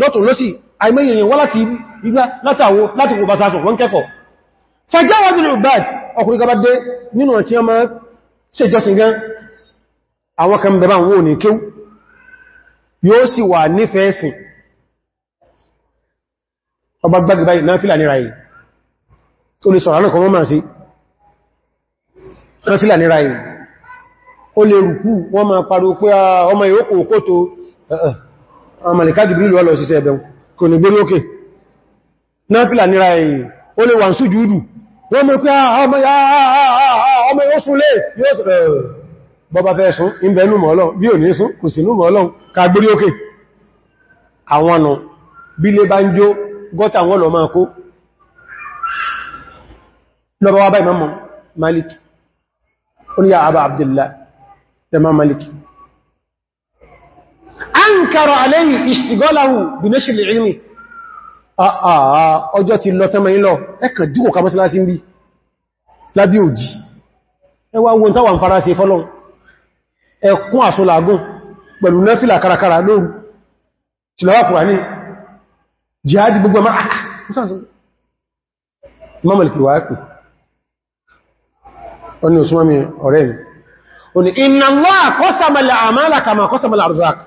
lọ́tún lọ́sí àìmẹ́yẹ̀yẹ̀ wá láti igbá látàwó láti kò bá sásùn wọ́n kẹ́kọ̀ọ́ fàjáwàjú al-ubbad ọkùnrin gaba dé nínú ọ̀tí ọmọ ṣe jọsìn gan àwọn kan bẹ̀bá wọn ò ní kéw sì wà nífẹ̀ẹ́sìn ọba gbágbà báyìí náfílà ní ráyìí tó lè sọ̀rọ̀ alẹ́kọ̀ọ́ máa sí náfílà ní ráyìí ó lè rùkú wọ́n máa parí pé ah, ọmọ ìyókò òkó tó àmàlìká jùbílù ọlọ́ sí ẹ̀bẹ̀ kò ní gbórí òkè náfílà ní ráyìí ó lè wà ń sú jùúdù wọ́n mọ̀ pé ọmọ yóò súnlé yóò sọ̀rọ̀ bọ́bá fẹ́ sún bá ń jó gọ́ta wọn lọ máa kó lọ́bọ̀ wá bá imamu malik oníyà àbá abdullah ẹmà malik an kàrọ aléyìn ìṣìgọ́láwù bí ní ṣìlẹ̀ ìrìnì ọjọ́ ti lọ tẹ́mà ilọ̀ ẹkàn jùkò ká mọ́sílásí rí lábí òjì ẹwà ń fara jihadi gbogbo ẹmọ́ àkà mọ́mọ̀lìkì wà ápù ọni òsùnmọ́mí ọ̀rẹ́ mi o ni inna Allaha qasamala a'mala kama qasamala arzak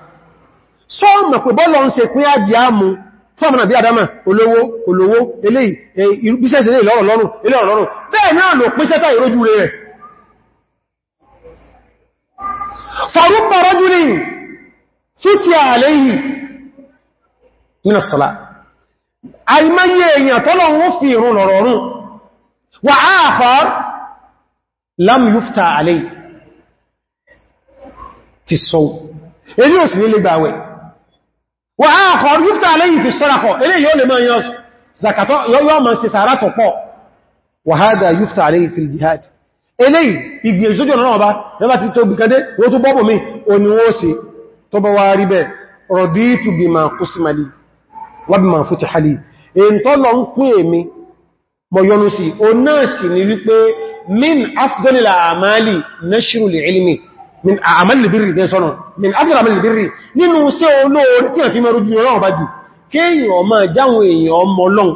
sọ mọ̀ pé bọ́lọ̀ ń ṣe pín àjí àmú fọ́mọ̀nà bí adama olówó olówó eléyìí e, bíṣẹ́sẹ̀ àìmáyé èèyàn tọ́lọ̀ ń fi ìrún lọ̀rọ̀ wa wà lam yufta alay fi sọ èyí ò sì nílé gbàwẹ̀ wà áàfàá yufta alay fi sọ́rakọ̀ ilé yóò lè máa yọ́ zakatọ́ yóò máa ṣe pọ̀ wà yufta jihad na rọ̀dí ma kú wábìmọ̀ fún ti hali èyí tó lọ ń pín èmi mọ̀yọnu sí o náà sì ni wípé min afdalil àmàlì nashrul ilmi min àmàlì birri dẹ́ sọ́nà min afdalil àmàlì birri nínú sí olóorí tí a fi mẹ́rú jùlọ náà bá jù kéèyàn ọmọ jáwọn èèyàn ọmọ lọ́n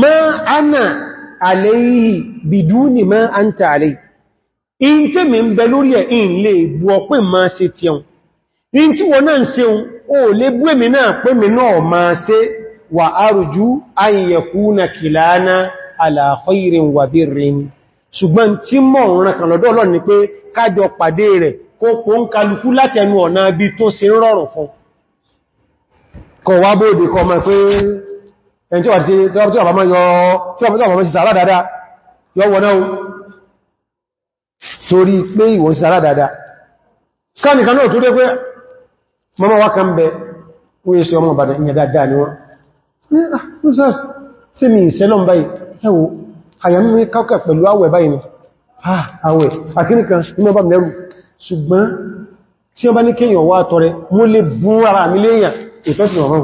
ma ana àlèyìí bìdú ní mọ́ an tààlè in tí mi ń bẹ lórí ẹ̀ in lè bu ọpẹ́ ma ṣe ti ẹun in tí wọ́n náà ṣe un lè bú èmì mi náà ma ṣe wà kìláánà ala wà birrin ṣùgbọ́n sugbon ni pé kájọ pàdé rẹ̀ ẹni tí wà ti tí wà bá mọ́ yọ tí wà bá mọ́ sí sàárà dáadáa yọ wọ́n náà torí pé ìwọ̀n sí sàárà dáadáa káàkiri náà tó dé pé mọ́mọ́ wá kan bẹ ó yẹ sí ọmọ ìbàdàn ìyẹn dáadáa ni wọ́n ṣùgbọ́n tí wọ́n bá ní kéèyàn wá tọrẹ mo lè bú ara mi léèyàn ìfẹ́sìn ọ̀rọ̀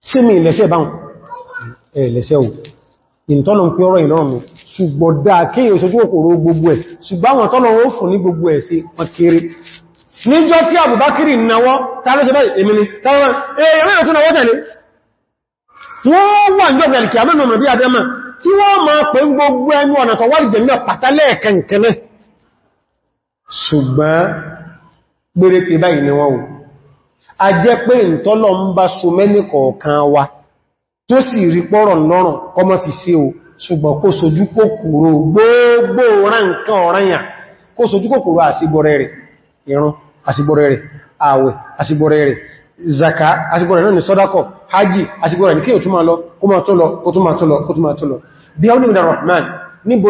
sí mi ilẹ̀ṣẹ́ báhùn ẹ̀lẹ̀ṣẹ́ ò ìntọ́nà ń pín ọ̀rọ̀ ìlọ́run ṣùgbọ̀dá kíyàn ìṣojú òkòrò gbogbo ẹ̀ ṣùgbọ́n tọ́nà ó fún ní gbogbo ẹ̀ sí ọkiri níjọ́ tí àbùbákiri náwọ́ tààrẹ́ṣẹ́ báyìí èmi ni tààrẹ́ ẹ̀rẹ́ eh, ìtún náwọ́ tẹ̀lé wọ́n wà ní ọ̀gbẹ̀rẹ̀ kìí àmẹ́mọ̀ bí adẹ́mà tí wọ́n ma pè ń gbogbo ẹnu ọ̀nà tó wárí jẹ́ mẹ́ pàtàlẹ́ ẹ̀kẹ́kẹ́lẹ́ ṣùgbọ́n gbére pé báyìí ni wọ́n wò a jẹ́ pé ìntọ́lọ ń bá so mẹ́ni kọ̀ọ̀kan wa tó sì rí pọ́rọ̀ lọ́rùn kọmọ fi sí o ṣùgbọ́n kó sojú kòkòrò gbogbo ránkàn ọ̀ranyà kó sojú kòkòrò àsìgbọ̀rẹ̀ rẹ̀ ìrun àsìgbọ̀rẹ̀ rẹ̀ ni sọ́dákọ̀ hajji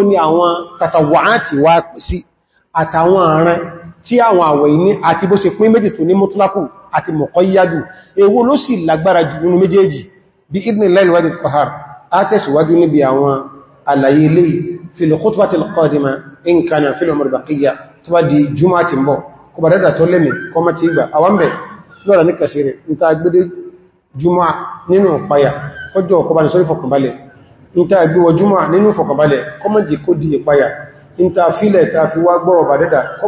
ni àwọn tàtàwàátì wá sí àtàwọn ààrẹ tí àwọn àwẹ̀ ní àti bó ṣe pín méjì tó ní mutlaku àti mọ̀kọ́yádù èwo ló sì lágbára jù nínú méjèèjì bí ibn lẹ́lú wájú pàhàr á tẹ̀síwájú níbi àwọn àlàyé ilé fil khutbatil qadima in kana fil umr baqiya tó bá di jùmọ́ àti mbọ̀ kò bá dẹ́dà tó lẹ́mì kọ mọ́ ti gbà àwọn bẹ̀ lọ́rọ̀ ní kàṣírí ní ta gbé jùmọ́ nínú payà ọjọ́ kọ bá fi wá gbọ́rọ̀ bá dẹ́dà kọ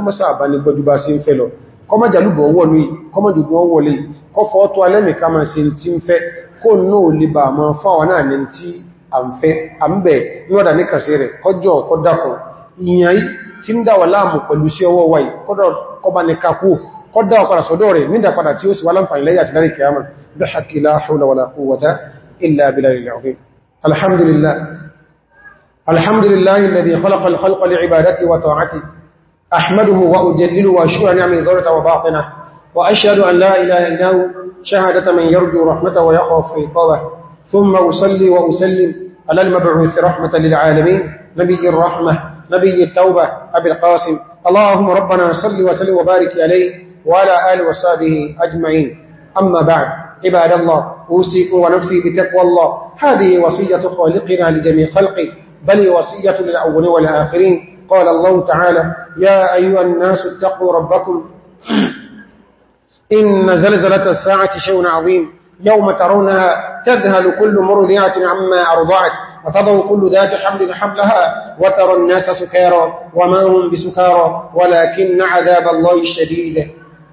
sí ń fẹ́ lọ kọmọ jàlúbọ̀ ọwọ́ lóyìí kọmọ jùgbọ́ ọwọ́ lè kọfọ́ ọ̀tọ́ alẹ́mìká máa ṣe tí ń fẹ́ kó náà lè bà máa fáwọn náà ní tí a ń fẹ́ a ń bẹ̀ níwọ̀dà ní kàṣẹ rẹ̀ kọjọ́ ọkọ́ dákọ̀ ìyàn tí ń dáwà láàmù pẹ̀lú sí ọwọ́ wáyì kọ́dọ̀ kọba ní kakú kọ́dá ọ̀padà أحمده وأجلل وأشكر نعمه ظهرة وباطنة وأشهد أن لا إله إلا هو شهادة من يرجو رحمته ويخاف عقابه ثم أصلي وأسلم على المبعوث رحمة للعالمين نبي الرحمة نبي التوبة أبي القاسم اللهم ربنا صل وسلم وبارك عليه وعلى آل وصحبه أجمعين أما بعد عباد الله أوسيك ونفسي بتقوى الله هذه وصية خالقنا لجميع خلقه بل وصية للأول والآخرين قال الله تعالى يا أيها الناس اتقوا ربكم إن زلزلة الساعة شيء عظيم يوم ترونها تذهل كل مرضعة عما أرضعت وتضع كل ذات حمل حملها وترى الناس سكارا وما هم بسكارا ولكن عذاب الله الشديد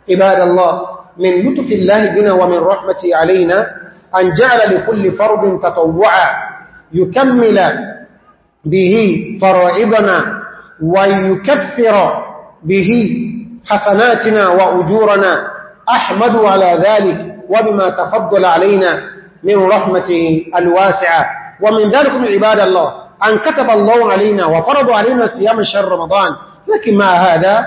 عباد الله من لطف الله بنا ومن رحمته علينا أن جعل لكل فرض تطوعا يكمل به فرائضنا ويكثر به حسناتنا وأجورنا أحمد على ذلك وبما تفضل علينا من رحمته الواسعة ومن ذلك عباد الله أن كتب الله علينا وفرض علينا صيام شهر رمضان لكن مع هذا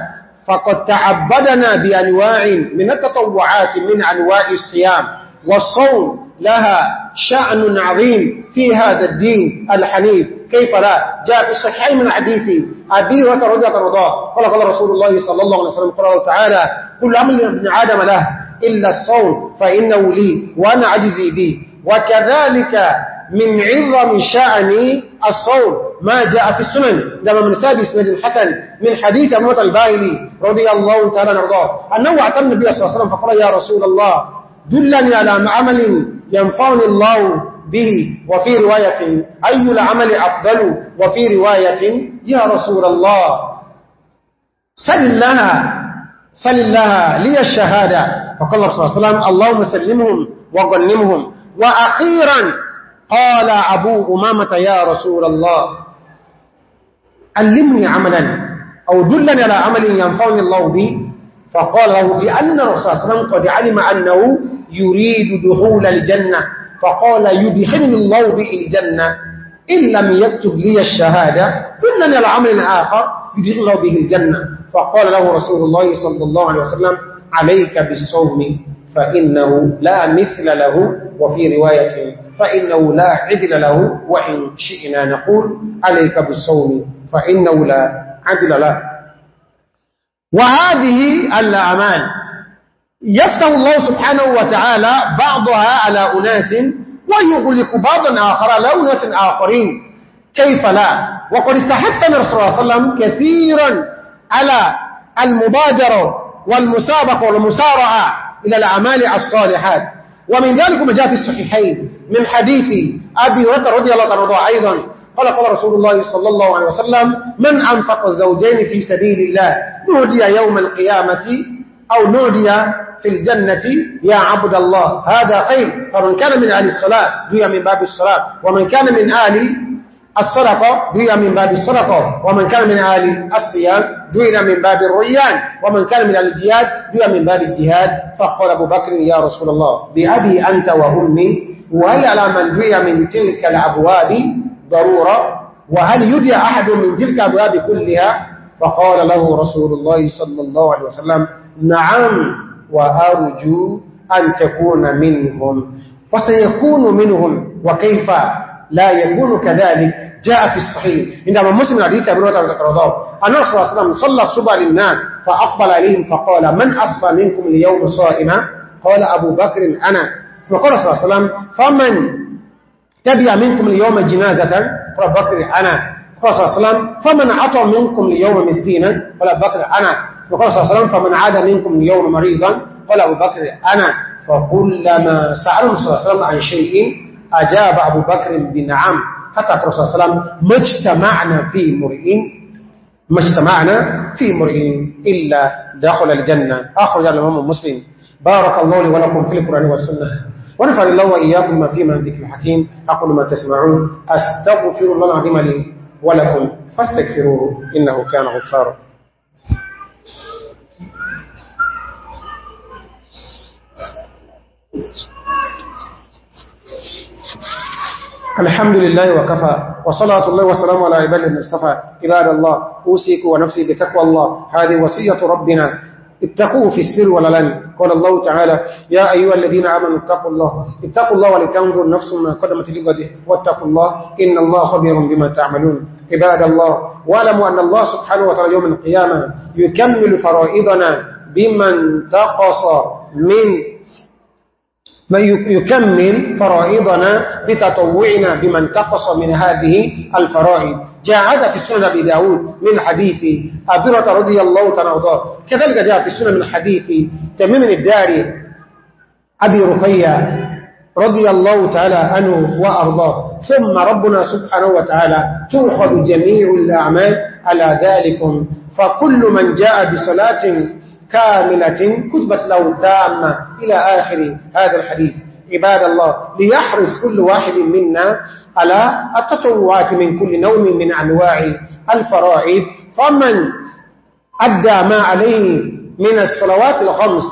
فقد تعبدنا بأنواع من التطوعات من أنواع الصيام والصوم لها شأن عظيم في هذا الدين الحنيف كيف لا جاء في الصحيح من حديث أبي وترجة رضاه قال قال رسول الله صلى الله عليه وسلم قرأه تعالى كل أمر ابن عادم له إلا الصوم فإنه لي وأنا عجزي به وكذلك من عظم شأن الصوم ما جاء في السنن لما من سادس نجم حسن من حديث موت البائلي رضي الله تعالى نرضاه أنه اعتمد النبي صلى الله عليه وسلم فقال يا رسول الله دلني على عمل ينفعني الله به وفي رواية أي العمل أفضل وفي رواية يا رسول الله سل لها سل لها لي الشهادة فقال الله صلى الله عليه وسلم اللهم سلمهم وغنمهم وأخيرا قال أبو أمامة يا رسول الله علمني عملا أو دلني على عمل ينفعني الله به فقال له لأن الرسول صلى الله عليه وسلم قد علم أنه يريد دخول الجنة فقال يدخلني الله به الجنة إن لم يكتب لي الشهادة من العمل الآخر يدخل الله به الجنة فقال له رسول الله صلى الله عليه وسلم عليك بالصوم فإنه لا مثل له وفي رواية فإنه لا عدل له وإن شئنا نقول عليك بالصوم فإنه لا عدل له وهذه الأمان يفتح الله سبحانه وتعالى بعضها على أناس ويغلق بعضا آخر على أناس آخرين كيف لا وقد استحثنا رسول الله صلى الله عليه وسلم كثيرا على المبادرة والمسابقة والمسارعة إلى الأعمال الصالحات ومن ذلك ما جاء في الصحيحين من حديث أبي هريرة رضي الله عنه أيضا قال قال رسول الله صلى الله عليه وسلم من أنفق الزوجين في سبيل الله نودي يوم القيامة أو نودي في الجنة يا عبد الله هذا خير فمن كان من أهل الصلاة دي من باب الصلاة ومن كان من أهل الصدقة دي من باب الصدقة ومن كان من أهل الصيام دي من باب الريان ومن كان من أهل الجهاد دي من باب الجهاد فقال أبو بكر يا رسول الله بأبي أنت وأمي وهل على من دي من تلك الأبواب ضرورة وهل يدعى أحد من تلك الأبواب كلها فقال له رسول الله صلى الله عليه وسلم نعم وأرجو أن تكون منهم وسيكون منهم وكيف لا يكون كذلك جاء في الصحيح عندما مسلم الحديث أبو رضا رضاه أن رسول الله صلى الله صلى الصبح للناس فأقبل إليهم فقال من أصفى منكم اليوم صائما قال أبو بكر أنا ثم قال صلى الله عليه وسلم فمن تبع منكم اليوم جنازة قال بكر أنا قال صلى الله عليه وسلم فمن عطى منكم اليوم مسكينا قال بكر أنا وقال صلى الله عليه وسلم فمن عاد منكم اليوم مريضا قال أبو بكر أنا فكلما سأله صلى الله عليه وسلم عن شيء أجاب أبو بكر بنعم حتى قال صلى الله عليه وسلم ما اجتمعنا في مرئين ما اجتمعنا في مرئين إلا دخل الجنة أخرج الأمام المسلم بارك الله لي ولكم في القرآن والسنة ونفعل الله وإياكم ما فيما ذكر الحكيم أقول ما تسمعون أستغفر الله العظيم لي ولكم فاستغفروه إنه كان غفارا الحمد لله وكفى وصلاة الله وسلامه على عباد المصطفى عباد الله أوسيك ونفسي بتقوى الله هذه وصية ربنا اتقوه في السر والعلن قال الله تعالى يا أيها الذين آمنوا اتقوا الله اتقوا الله ولتنظر نفس ما قدمت لقده واتقوا الله إن الله خبير بما تعملون عباد الله واعلموا أن الله سبحانه وتعالى يوم القيامة يكمل فرائضنا بمن تقص من من يكمل فرائضنا بتطوعنا بما انتقص من هذه الفرائض جاء هذا في السنن أبي داود من حديث أبرة رضي الله تنرضاه كذلك جاء في السنن من حديث تميم الداري أبي رقية رضي الله تعالى عنه وأرضاه ثم ربنا سبحانه وتعالى تؤخذ جميع الأعمال على ذلك فكل من جاء بصلاة كاملة كتبت له تامة إلى آخر هذا الحديث عباد الله ليحرص كل واحد منا على التطوعات من كل نوم من أنواع الفرائض فمن أدى ما عليه من الصلوات الخمس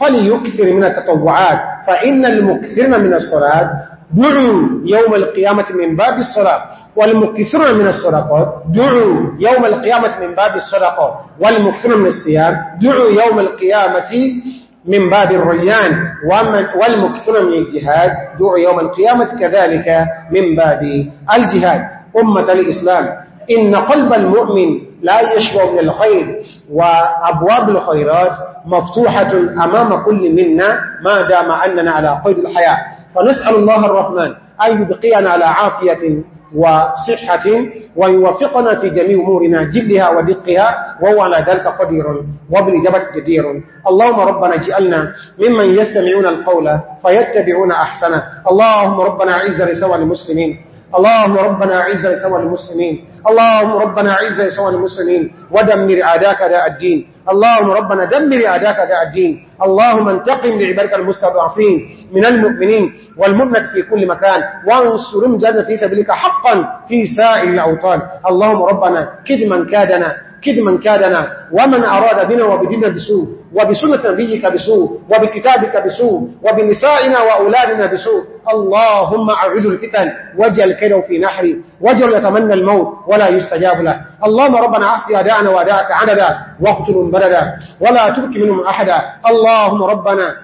فليكثر من التطوعات فإن المكثر من الصلاة دعوا يوم القيامة من باب الصلاة والمكثرون من الصدقات دعوا يوم القيامة من باب الصدقات والمكثرون من الصيام دعوا يوم القيامة من باب الريان والمكثرون من الجهاد دعوا يوم القيامة كذلك من باب الجهاد أمة الإسلام إن قلب المؤمن لا يشوى من الخير وأبواب الخيرات مفتوحة أمام كل منا ما دام أننا على قيد الحياة ونسأل الله الرحمن أن يبقينا على عافية وصحة ويوفقنا في جميع أمورنا جلها ودقها وهو على ذلك قدير وابن جبت جدير اللهم ربنا اجعلنا ممن يستمعون القول فيتبعون أحسنه اللهم ربنا عز رسوى المسلمين اللهم ربنا عز لسوى المسلمين اللهم ربنا عز لسوى المسلمين ودمر عداك داء الدين اللهم ربنا دمر عداك داء الدين اللهم انتقم لعبارك المستضعفين من المؤمنين والمؤمنة في كل مكان وانصر جنة في سبيلك حقا في سائل الأوطان اللهم ربنا كد من كادنا كد من كادنا ومن أراد بنا وبدنا بسوء وبسنة نبيك بسوء وبكتابك بسوء وبنسائنا وأولادنا بسوء اللهم أعذ الفتن واجعل كيده في نحري واجعل يتمنى الموت ولا يستجاب له اللهم ربنا عصي أداءنا وأداءك عددا واقتل بلدا ولا ترك منهم أحدا اللهم ربنا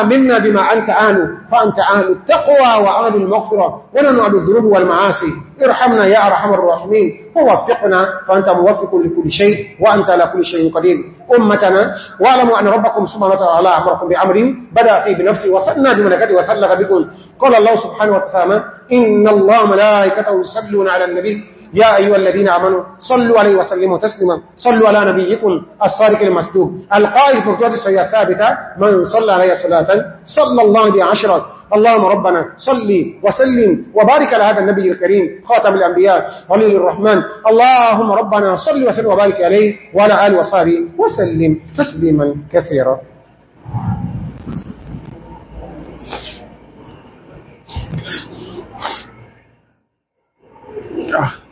آمنا بما أنت آن فأنت آن التقوى وآل المغفرة وننعد بالذنوب والمعاصي ارحمنا يا أرحم الراحمين ووفقنا فأنت موفق لكل شيء وأنت لكل شيء قدير أمتنا واعلموا أن ربكم سبحانه وتعالى أمركم بأمر بدأ فيه بنفسه وصلنا بملكته وثلغ بكم قال الله سبحانه وتعالى إن الله ملائكته يصلون على النبي يا أيها الذين آمنوا صلوا عليه وسلموا تسلما صلوا على نبيكم الصارق المسدوب القائد بركوة السيئة الثابتة من صلى عليه صلاة صلى الله عليه عشرة اللهم ربنا صلي وسلم وبارك على هذا النبي الكريم خاتم الأنبياء وليل الرحمن اللهم ربنا صلي وسلم وبارك عليه وعلى آله وصحبه وسلم تسليما كثيرا Yeah. آه.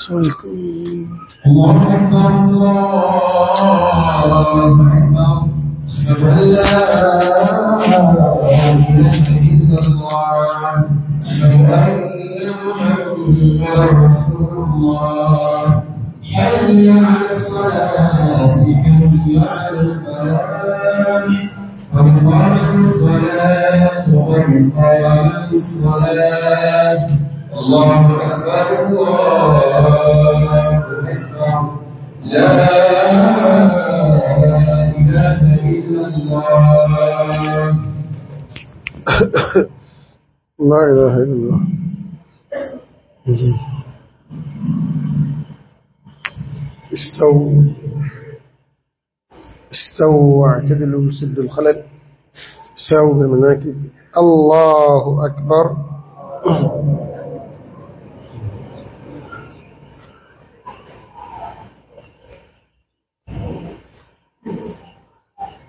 الله أكبر الله أكبر أشهد لا إله إلا الله أشهد أن محمدا رسول الله حي على الصلاة حي على الفلاح قد قامت الصلاة قد قامت الصلاة الله أكبر الله أكبر لا إله إلا الله لا إله إلا الله استووا استووا واعتدلوا سد الخلل ساووا بالمناكب الله أكبر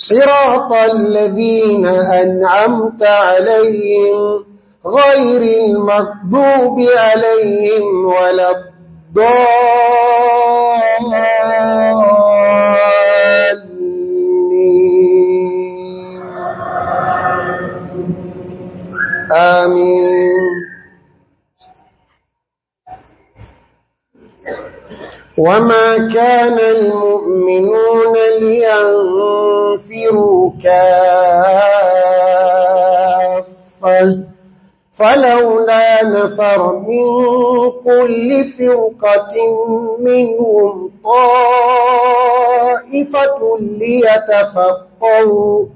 صراط الذين أنعمت عليهم غير المكذوب عليهم ولا الضالين آمين وما كان المؤمنون لينفروا كافة فلولا نفر من كل فرقة منهم طائفة ليتفقوا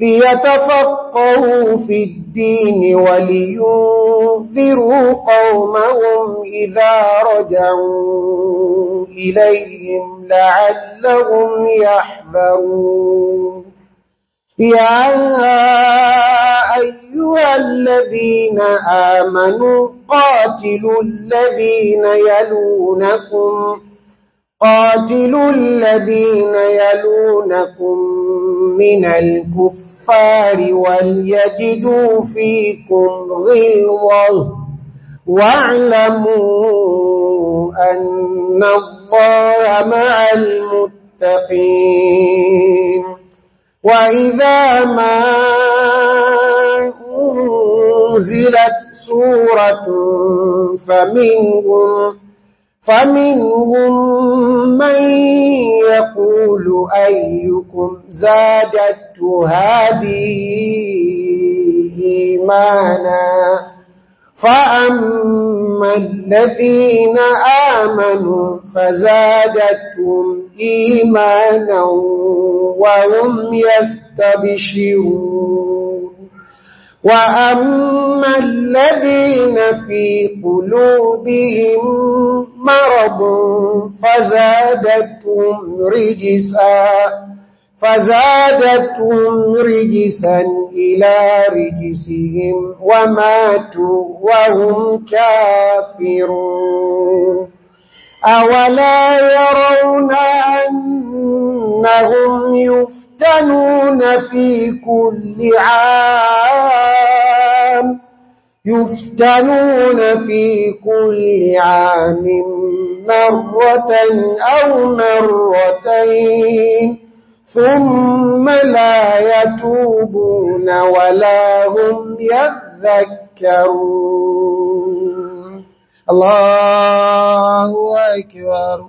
ليتفقهوا في الدين ولينذروا قومهم إذا رجعوا إليهم لعلهم يحذرون يا أيها الذين آمنوا قاتلوا الذين يلونكم قاتلوا الذين يلونكم من الكفر الكفار وليجدوا فيكم غلظة واعلموا أن الله مع المتقين وإذا ما أنزلت سورة فمنهم فمنهم من يقول أيكم زادت هذه إيمانا فأما الذين آمنوا فزادتهم إيمانا وهم يستبشرون وأما الذين في قلوبهم مرض فزادتهم رجسا فزادتهم رجسا إلى رجسهم وماتوا وهم كافرون أولا يرون أنهم يفتنون في كل عام يفتنون في كل عام مرة أو مرتين ثم لا يتوبون ولا هم يذكرون الله أكبر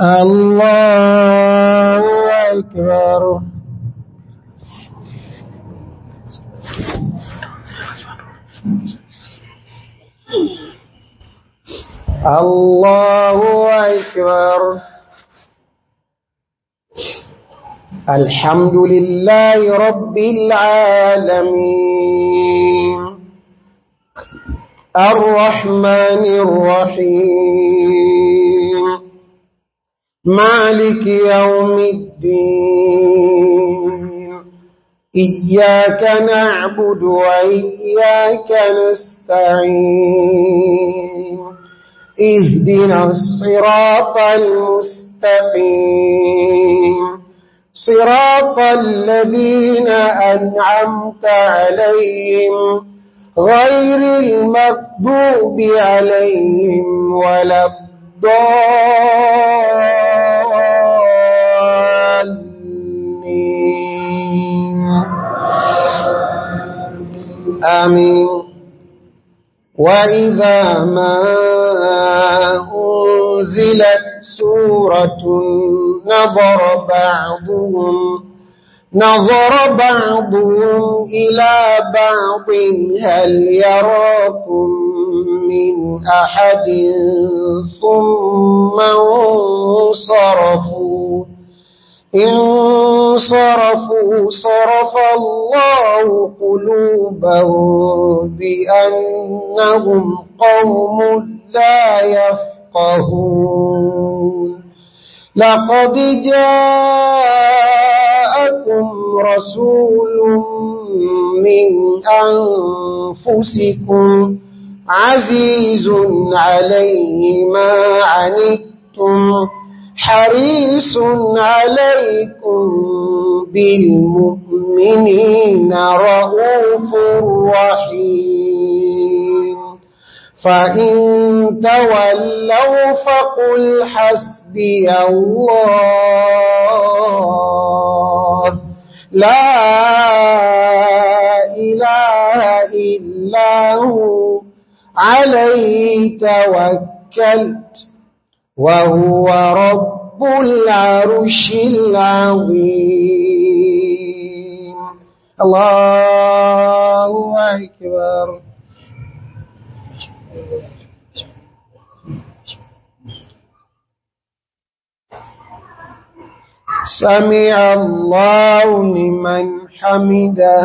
الله أكبر الله أكبر الحمد لله رب العالمين الرحمن الرحيم مالك يوم الدين إياك نعبد وإياك نستعين اهدنا الصراط المستقيم صراط الذين أنعمت عليهم غير المكذوب عليهم ولا الضال آمين وإذا ما أنزلت سورة نظر بعضهم نظر بعضهم إلى بعض هل يراكم من أحد ثم انصرفوا إن صرفوا صرف الله قلوبهم بأنهم قوم لا يفقهون لقد جاءكم رسول من أنفسكم عزيز عليه ما عنتم حريص عليكم بالمؤمنين رؤوف رحيم فإن تولوا فقل حسبي الله لا إله إلا هو عليه توكل وهو رب العرش العظيم الله أكبر سمع الله لمن حمده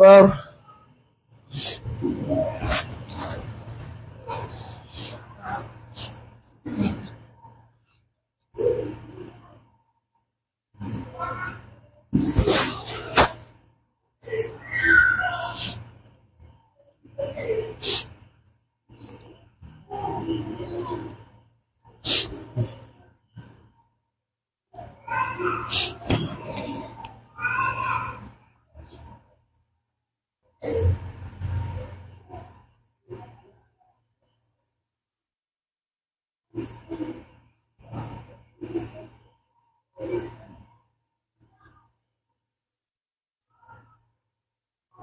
أكبر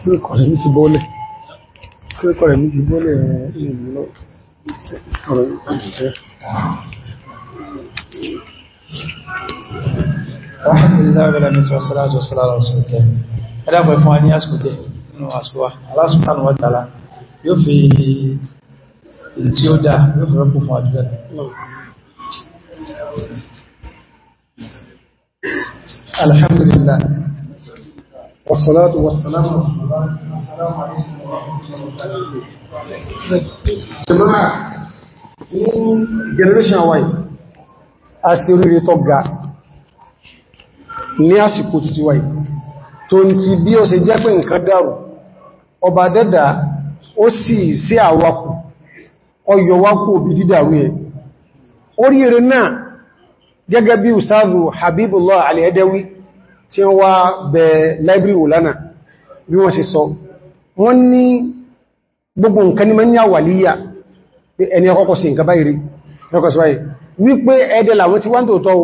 kílíkọ̀ rẹ̀ fún àní àsìkòtẹ̀ nínú àsìkòwà aláṣùtánù wọ́n tààlá yóò fi tí ó dáa yóò fi rọ́pù fún àjúgbà alhamdulillah والصلاة والسلام والسلام عليكم ورحمة الله وبركاته جماعة generation wa yìí a ṣe oríire tó ga ní àsìkò títí wa yìí tó ń ti bí ó ṣe jẹ́ pé nǹkan dárò ọba dẹ́dà ó sì sí àwakù ọyọ̀wakù òbí dídàrú ẹ oríire náà gẹ́gẹ́ bí ustazu Habibullah al tí wọ́n wá bẹ library wò lánàá bí wọ́n ṣe sọ wọ́n ní gbogbo nǹkan ní mẹ́ni àwàlíyà ẹni ọkọ̀kọ̀ sí nǹkan báyìí rẹ̀ wípé ẹdẹ làwọn tí wọ́n tòótọ́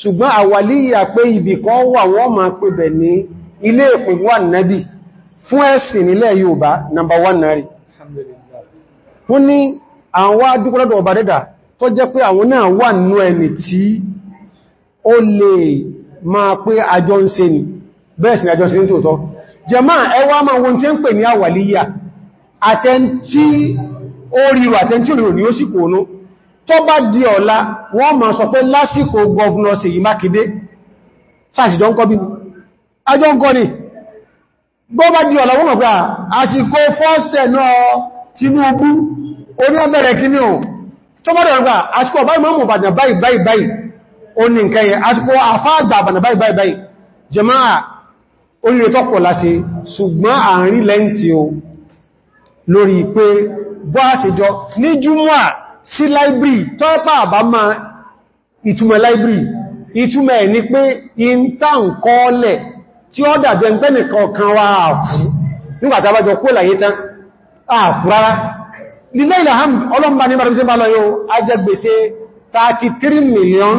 ṣùgbọ́n àwàlíyà pé ibì kan wà wọ́n ma pè bẹ̀ ní ilé ìpín wà nábì fún ẹ̀sìn nílẹ̀ Yorùbá nàmbà wà náàrí wọ́n ma pé àjọ ń ṣe ni bẹ́ẹ̀ sí àjọ sí ní tòótọ́ jẹma ẹwà ma wọn tí ń pè ní àwàlíyà àtẹ́ntí oríro àtẹ́ntí oríro ni ó sì kò ní tó bá di ọ̀la wọ́n ma sọ pé lásìkò gọvnọ sí yìí mákidé sáàsìjọ ń kọ́ bí àjọ ń kọ́ ni bó bá di ọ̀la wọ́n mọ̀ pé àsìkò fọ́ọ̀sẹ̀ náà Tinubu orí ọbẹ̀rẹ̀ ó ní nǹkan yẹn àsìkò àfáàgbà àbànà báyìí báyìí báyìí jẹmáà oríire tọ́pọ̀ láti ṣùgbọ́n àárín lẹ́ntì o lórí pé bọ́ àṣẹjọ ní júmọ́à sí láìbírì tọ́pà àbámá ìtumọ̀ láìbírì ìtumọ̀ ẹ̀ ni pé ìntàǹkọ́ọ́lẹ̀ tí ó dàbí ẹgbẹ́ nìkan kan wá àfú nígbàtà bá jọ kó làyé tán àfú rárá lílẹ́ ìlàhàm ọlọ́mbà 33 million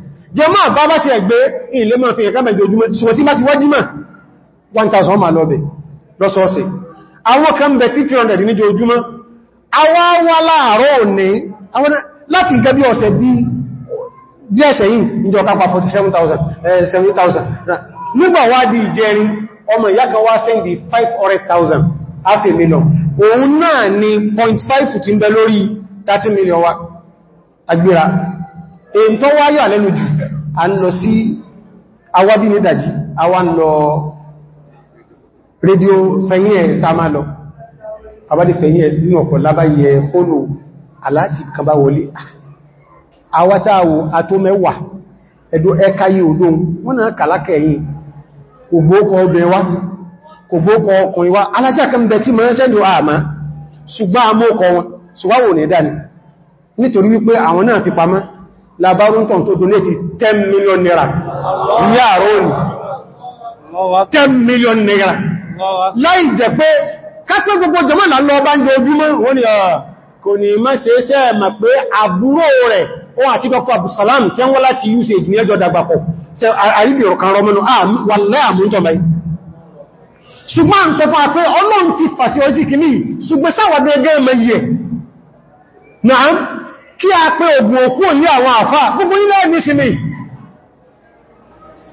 jẹmọ́ bá bá ti ẹgbẹ́ ilé mọ́ fi ẹ̀kẹ́ mẹ́jọ ojúmọ́ ṣùgbọ́n tí bá ti wájímọ̀ 1000 ma lọ́bẹ̀ lọ́sọ́ọ̀sẹ̀ àwọn kan bẹ̀ 300 níjọ ojúmọ́ awáwá láàárọ̀ òní láti gẹ́ bí ọ̀sẹ̀ bí díẹ̀sẹ̀ yìí níjọ kápa 47,000 70,000 nígbà wá di ìjẹrin ọmọ ìyá kan wá sẹ́ndì 500,000 half a million òun ni 0.5 ti ń bẹ lórí million wa agbéra èyí tó wáyọ̀ àlẹ́nu jù a ń lọ sí awábí ní ìdàjí awá ń lọ rédíò fẹ̀yìn ẹ̀ ta máa lọ abádi fẹ̀yìn ẹ̀ nínú ọ̀pọ̀ lábáyẹ fóònù aláti kaba wọlé awátáwò ató mẹ́wàá ẹ̀dọ ẹkáyé wọ́n náà kàlákẹ̀ nítorí wípé àwọn náà fi labaruntan tó donate 10 million naira ìyá àrónì 10 million naira láì jẹ́ pé kásán gbogbo jọmọ́ là lọ bá ń jẹ ojúmọ́ wọ́n ni kò ní mọ́ ṣe ṣe mọ̀ pé àbúrò rẹ̀ ó àti kọkọ Abdulsalam tí wọ́n láti usage ní ẹjọ́ dàgbàpọ̀ àríbì ọ̀kan rọmọnù wà lẹ́àmúntọ̀ mẹ́ ṣùgbọ́n sọ fún àpé ọlọ́run ti fàṣí ọjí kìí ṣùgbọ́n sáwàdẹ́gẹ́ mẹ́yẹ̀ náà kí a pé ògùn òkú ní àwọn àfá gbogbo ilẹ̀ ní sinmi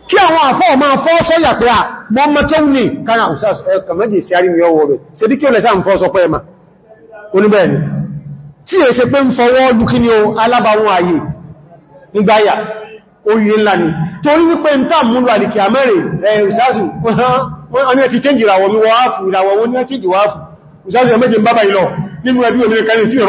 kí àwọn àfá ọmọ afọ́ sọ́yà pé à mọ́mọ́ tó ní kára kàmẹ́jì sí àrí ìyọ́wọ́ rẹ̀ ṣe bí kí o lè sáà ń fọ́ sọ pé ẹmà oníbẹ̀ẹ̀ni tí è ṣe pé ń fọwọ́ dúkíní o alábàwọn ààyè nígbáyà oríire ńlá ni ni ẹ fi change ìràwọ̀ mi wọ́n ni ẹ change wọ́n áàfù ìsáàsù ẹmẹ́jì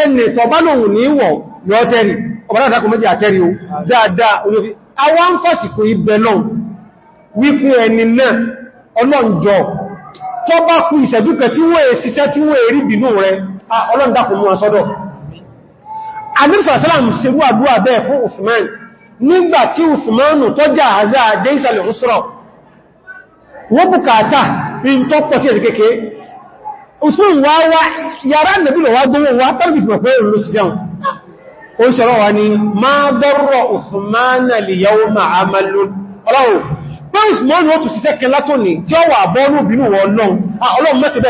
ẹni tọba ní wọ̀ yọ tẹ́rì ọ̀pọ̀lọ́dàkùn méjì àtẹ́rì o dáadáa olófi àwọn ń fọ́sìkò ibẹ̀ náà wípé ẹni náà ọlọ́njọ́ tó bá kú ìṣẹ́dúkẹ tí wọ́n èsìṣẹ́ tí wọ́n èrí bínú rẹ òṣùn wá wá yàrá nìbílò wá gbówó wá tàbí fún ọ̀pẹ́ òun ló sì jẹun ó ṣọ́rọ̀ wá ní máa dọ́rọ̀ òṣùmánà lè yàwó máa amálò ọlọ́run pé òṣùmánà ó tù sí sẹ́kẹ́ látọ́ni tí ó wà bọ́ọ̀lù bínú ọlọ́run ah, ọlọ́run mẹ́sẹ̀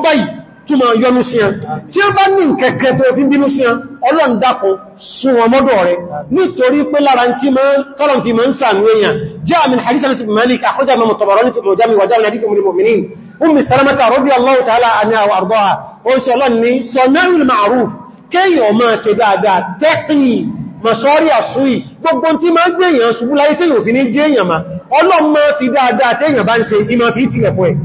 bẹ́ẹ̀ kí máa yọ́nú sí ẹn tí ó bá ní kẹ̀kẹ́ tó fi bínú sí ẹn ọlọ́ndàkọ̀ sún ọmọdọ̀ rẹ̀ nítorí pé lára tí kọ́lọ̀ fi máa ń sàánú èèyàn jẹ́ àmì hadithana ti malik àkójá mọ́ tọ̀bọ̀rọ̀ ní tọ̀bọ̀jámi wà jáwọn adíkùn mọ̀mìnín Ummu Salamata radiyallahu ta'ala anha wa ardaha ó ṣe ọlọ́ni sọ̀nàrùn ma'ruf kéyàn máa ṣe dáadáa tẹ́kì masọ́rí àṣúì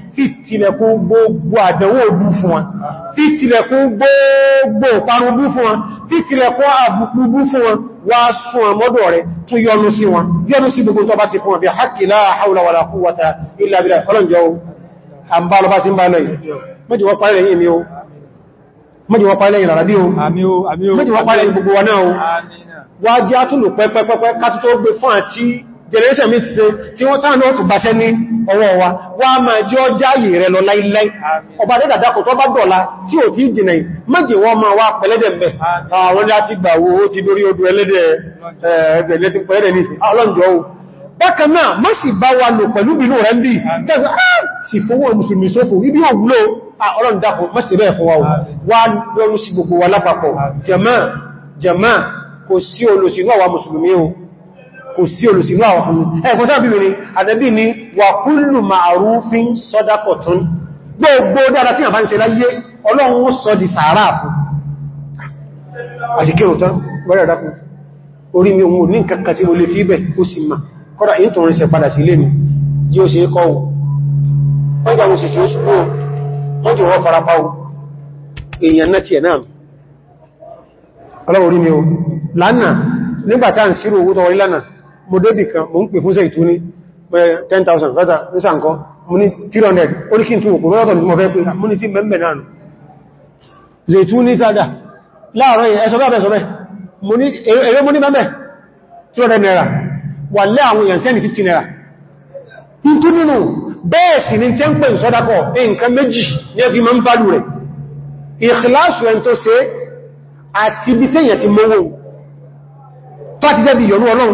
títílẹ̀kún gbogbo àdánwò bú fún wọn títílẹ̀kún gbogbo parun bú fún wọn títílẹ̀kún àbùkù bú fún wọn wá sún ọmọdọ̀ rẹ̀ tún yọnu sí wọn yọnu sí gbogbo tó bá sí fún wọn bí haqqi la hawla wala quwwata illa billah ọlọ́njọ́ àbálọ́bá sí ń bá lọ́yìn mẹ́jì wọ́n parí lẹ́yìn mi o mẹ́jì wọ́n parí lẹ́yìn àràbí o mẹ́jì wọ́n parí lẹ́yìn gbogbo wa náà o wá generation mi ti ṣe tí wọ́n táwọn náà tó bá ṣẹ́ ní ọwọ́ wa wá máa jí ọ jáyè rẹ lọ láìláì ọba dẹ́dà dákọ̀ tó bá dọ̀la tí ò tí jìnà méje wọ́n máa wá pẹ̀lẹ́dẹ̀ mẹ́ àwọn láti gbà wo ó ti dórí odò ẹlẹ́dẹ̀ ẹ̀ẹ́dẹ̀ ah, jama ah, ah, kò sí olùsìnú àwa mùsùlùmí o kò sí olùsìnú àwọn ọmọ ẹ̀kùn tàbí mi ni àdẹ́bí ni wà kúlù ma'rúfin sọ́dákọ̀tún gbogbo dára tí àbá ń ṣe láyé ọlọ́run ó sọ di sàárà fún àṣìkérò tán wẹ́rẹ̀ dákù orí mi òun ní kankan tí mo lè fíbẹ̀ ó sì mà kọ́dà yí tó rinṣẹ́ padà sí lè mi jí ń sírò owó tọwọ́ ìlànà mo débì kan mo ń pè fún sẹ́ìtú ní 10,000 fẹ́ta ní sàǹkọ́ mo ní 300 oríkí tí wòkó mẹ́rọ̀tọ̀ ní mo fẹ́ pé ah, mo ní tí mẹ́mẹ́ náà nù zẹ̀tú ní sádà láàárọ̀ ẹ̀ṣọ́ bẹ́ẹ̀ bẹ́ẹ̀ sọ́bẹ́ naira wà lẹ́ àwọn èèyàn sẹ́ni 50 naira tó nínú ni tẹ́ ń pè sọ́dákọ̀ nǹkan méjì ní ẹfí ma ń bá lù rẹ̀ bí tẹ́yẹ̀ ọlọ́run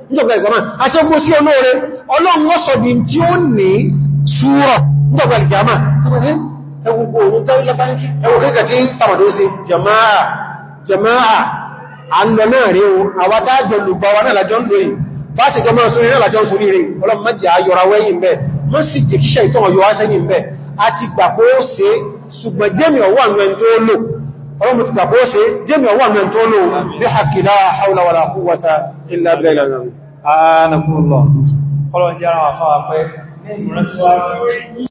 nígbàgbà ìgbàmà aṣẹ́gbó sí olóore ọlọ́run wọ́n sọ di tí ó ní ṣúrọ̀ nígbàgbà ìgbàmà ẹgbogbo òun tó ilẹ̀ báńkì ẹwọ kẹ́kẹ́ tí tàbàdó sí jama'a jama'a àlọ náà rí o àwátájọ lùgbà wa náà lájọ́ ń lóyìn bá ṣe jọmọ́ sórí náà lájọ́ sórí rí ọlọ́run mẹ́jì ayọra wẹ́yìn bẹ́ mọ́ sí jẹ́ kíṣẹ́ ìtàn ọyọ́ aṣẹ́yìn bẹ́ a ti gbà kó ṣe ṣùgbọ́n jẹ́mi ọwọ́ ààrẹ̀kùnlọ̀ ọlọ́njẹ́ ara wà fáwà pé ní ìmúrẹ́ tí wá rí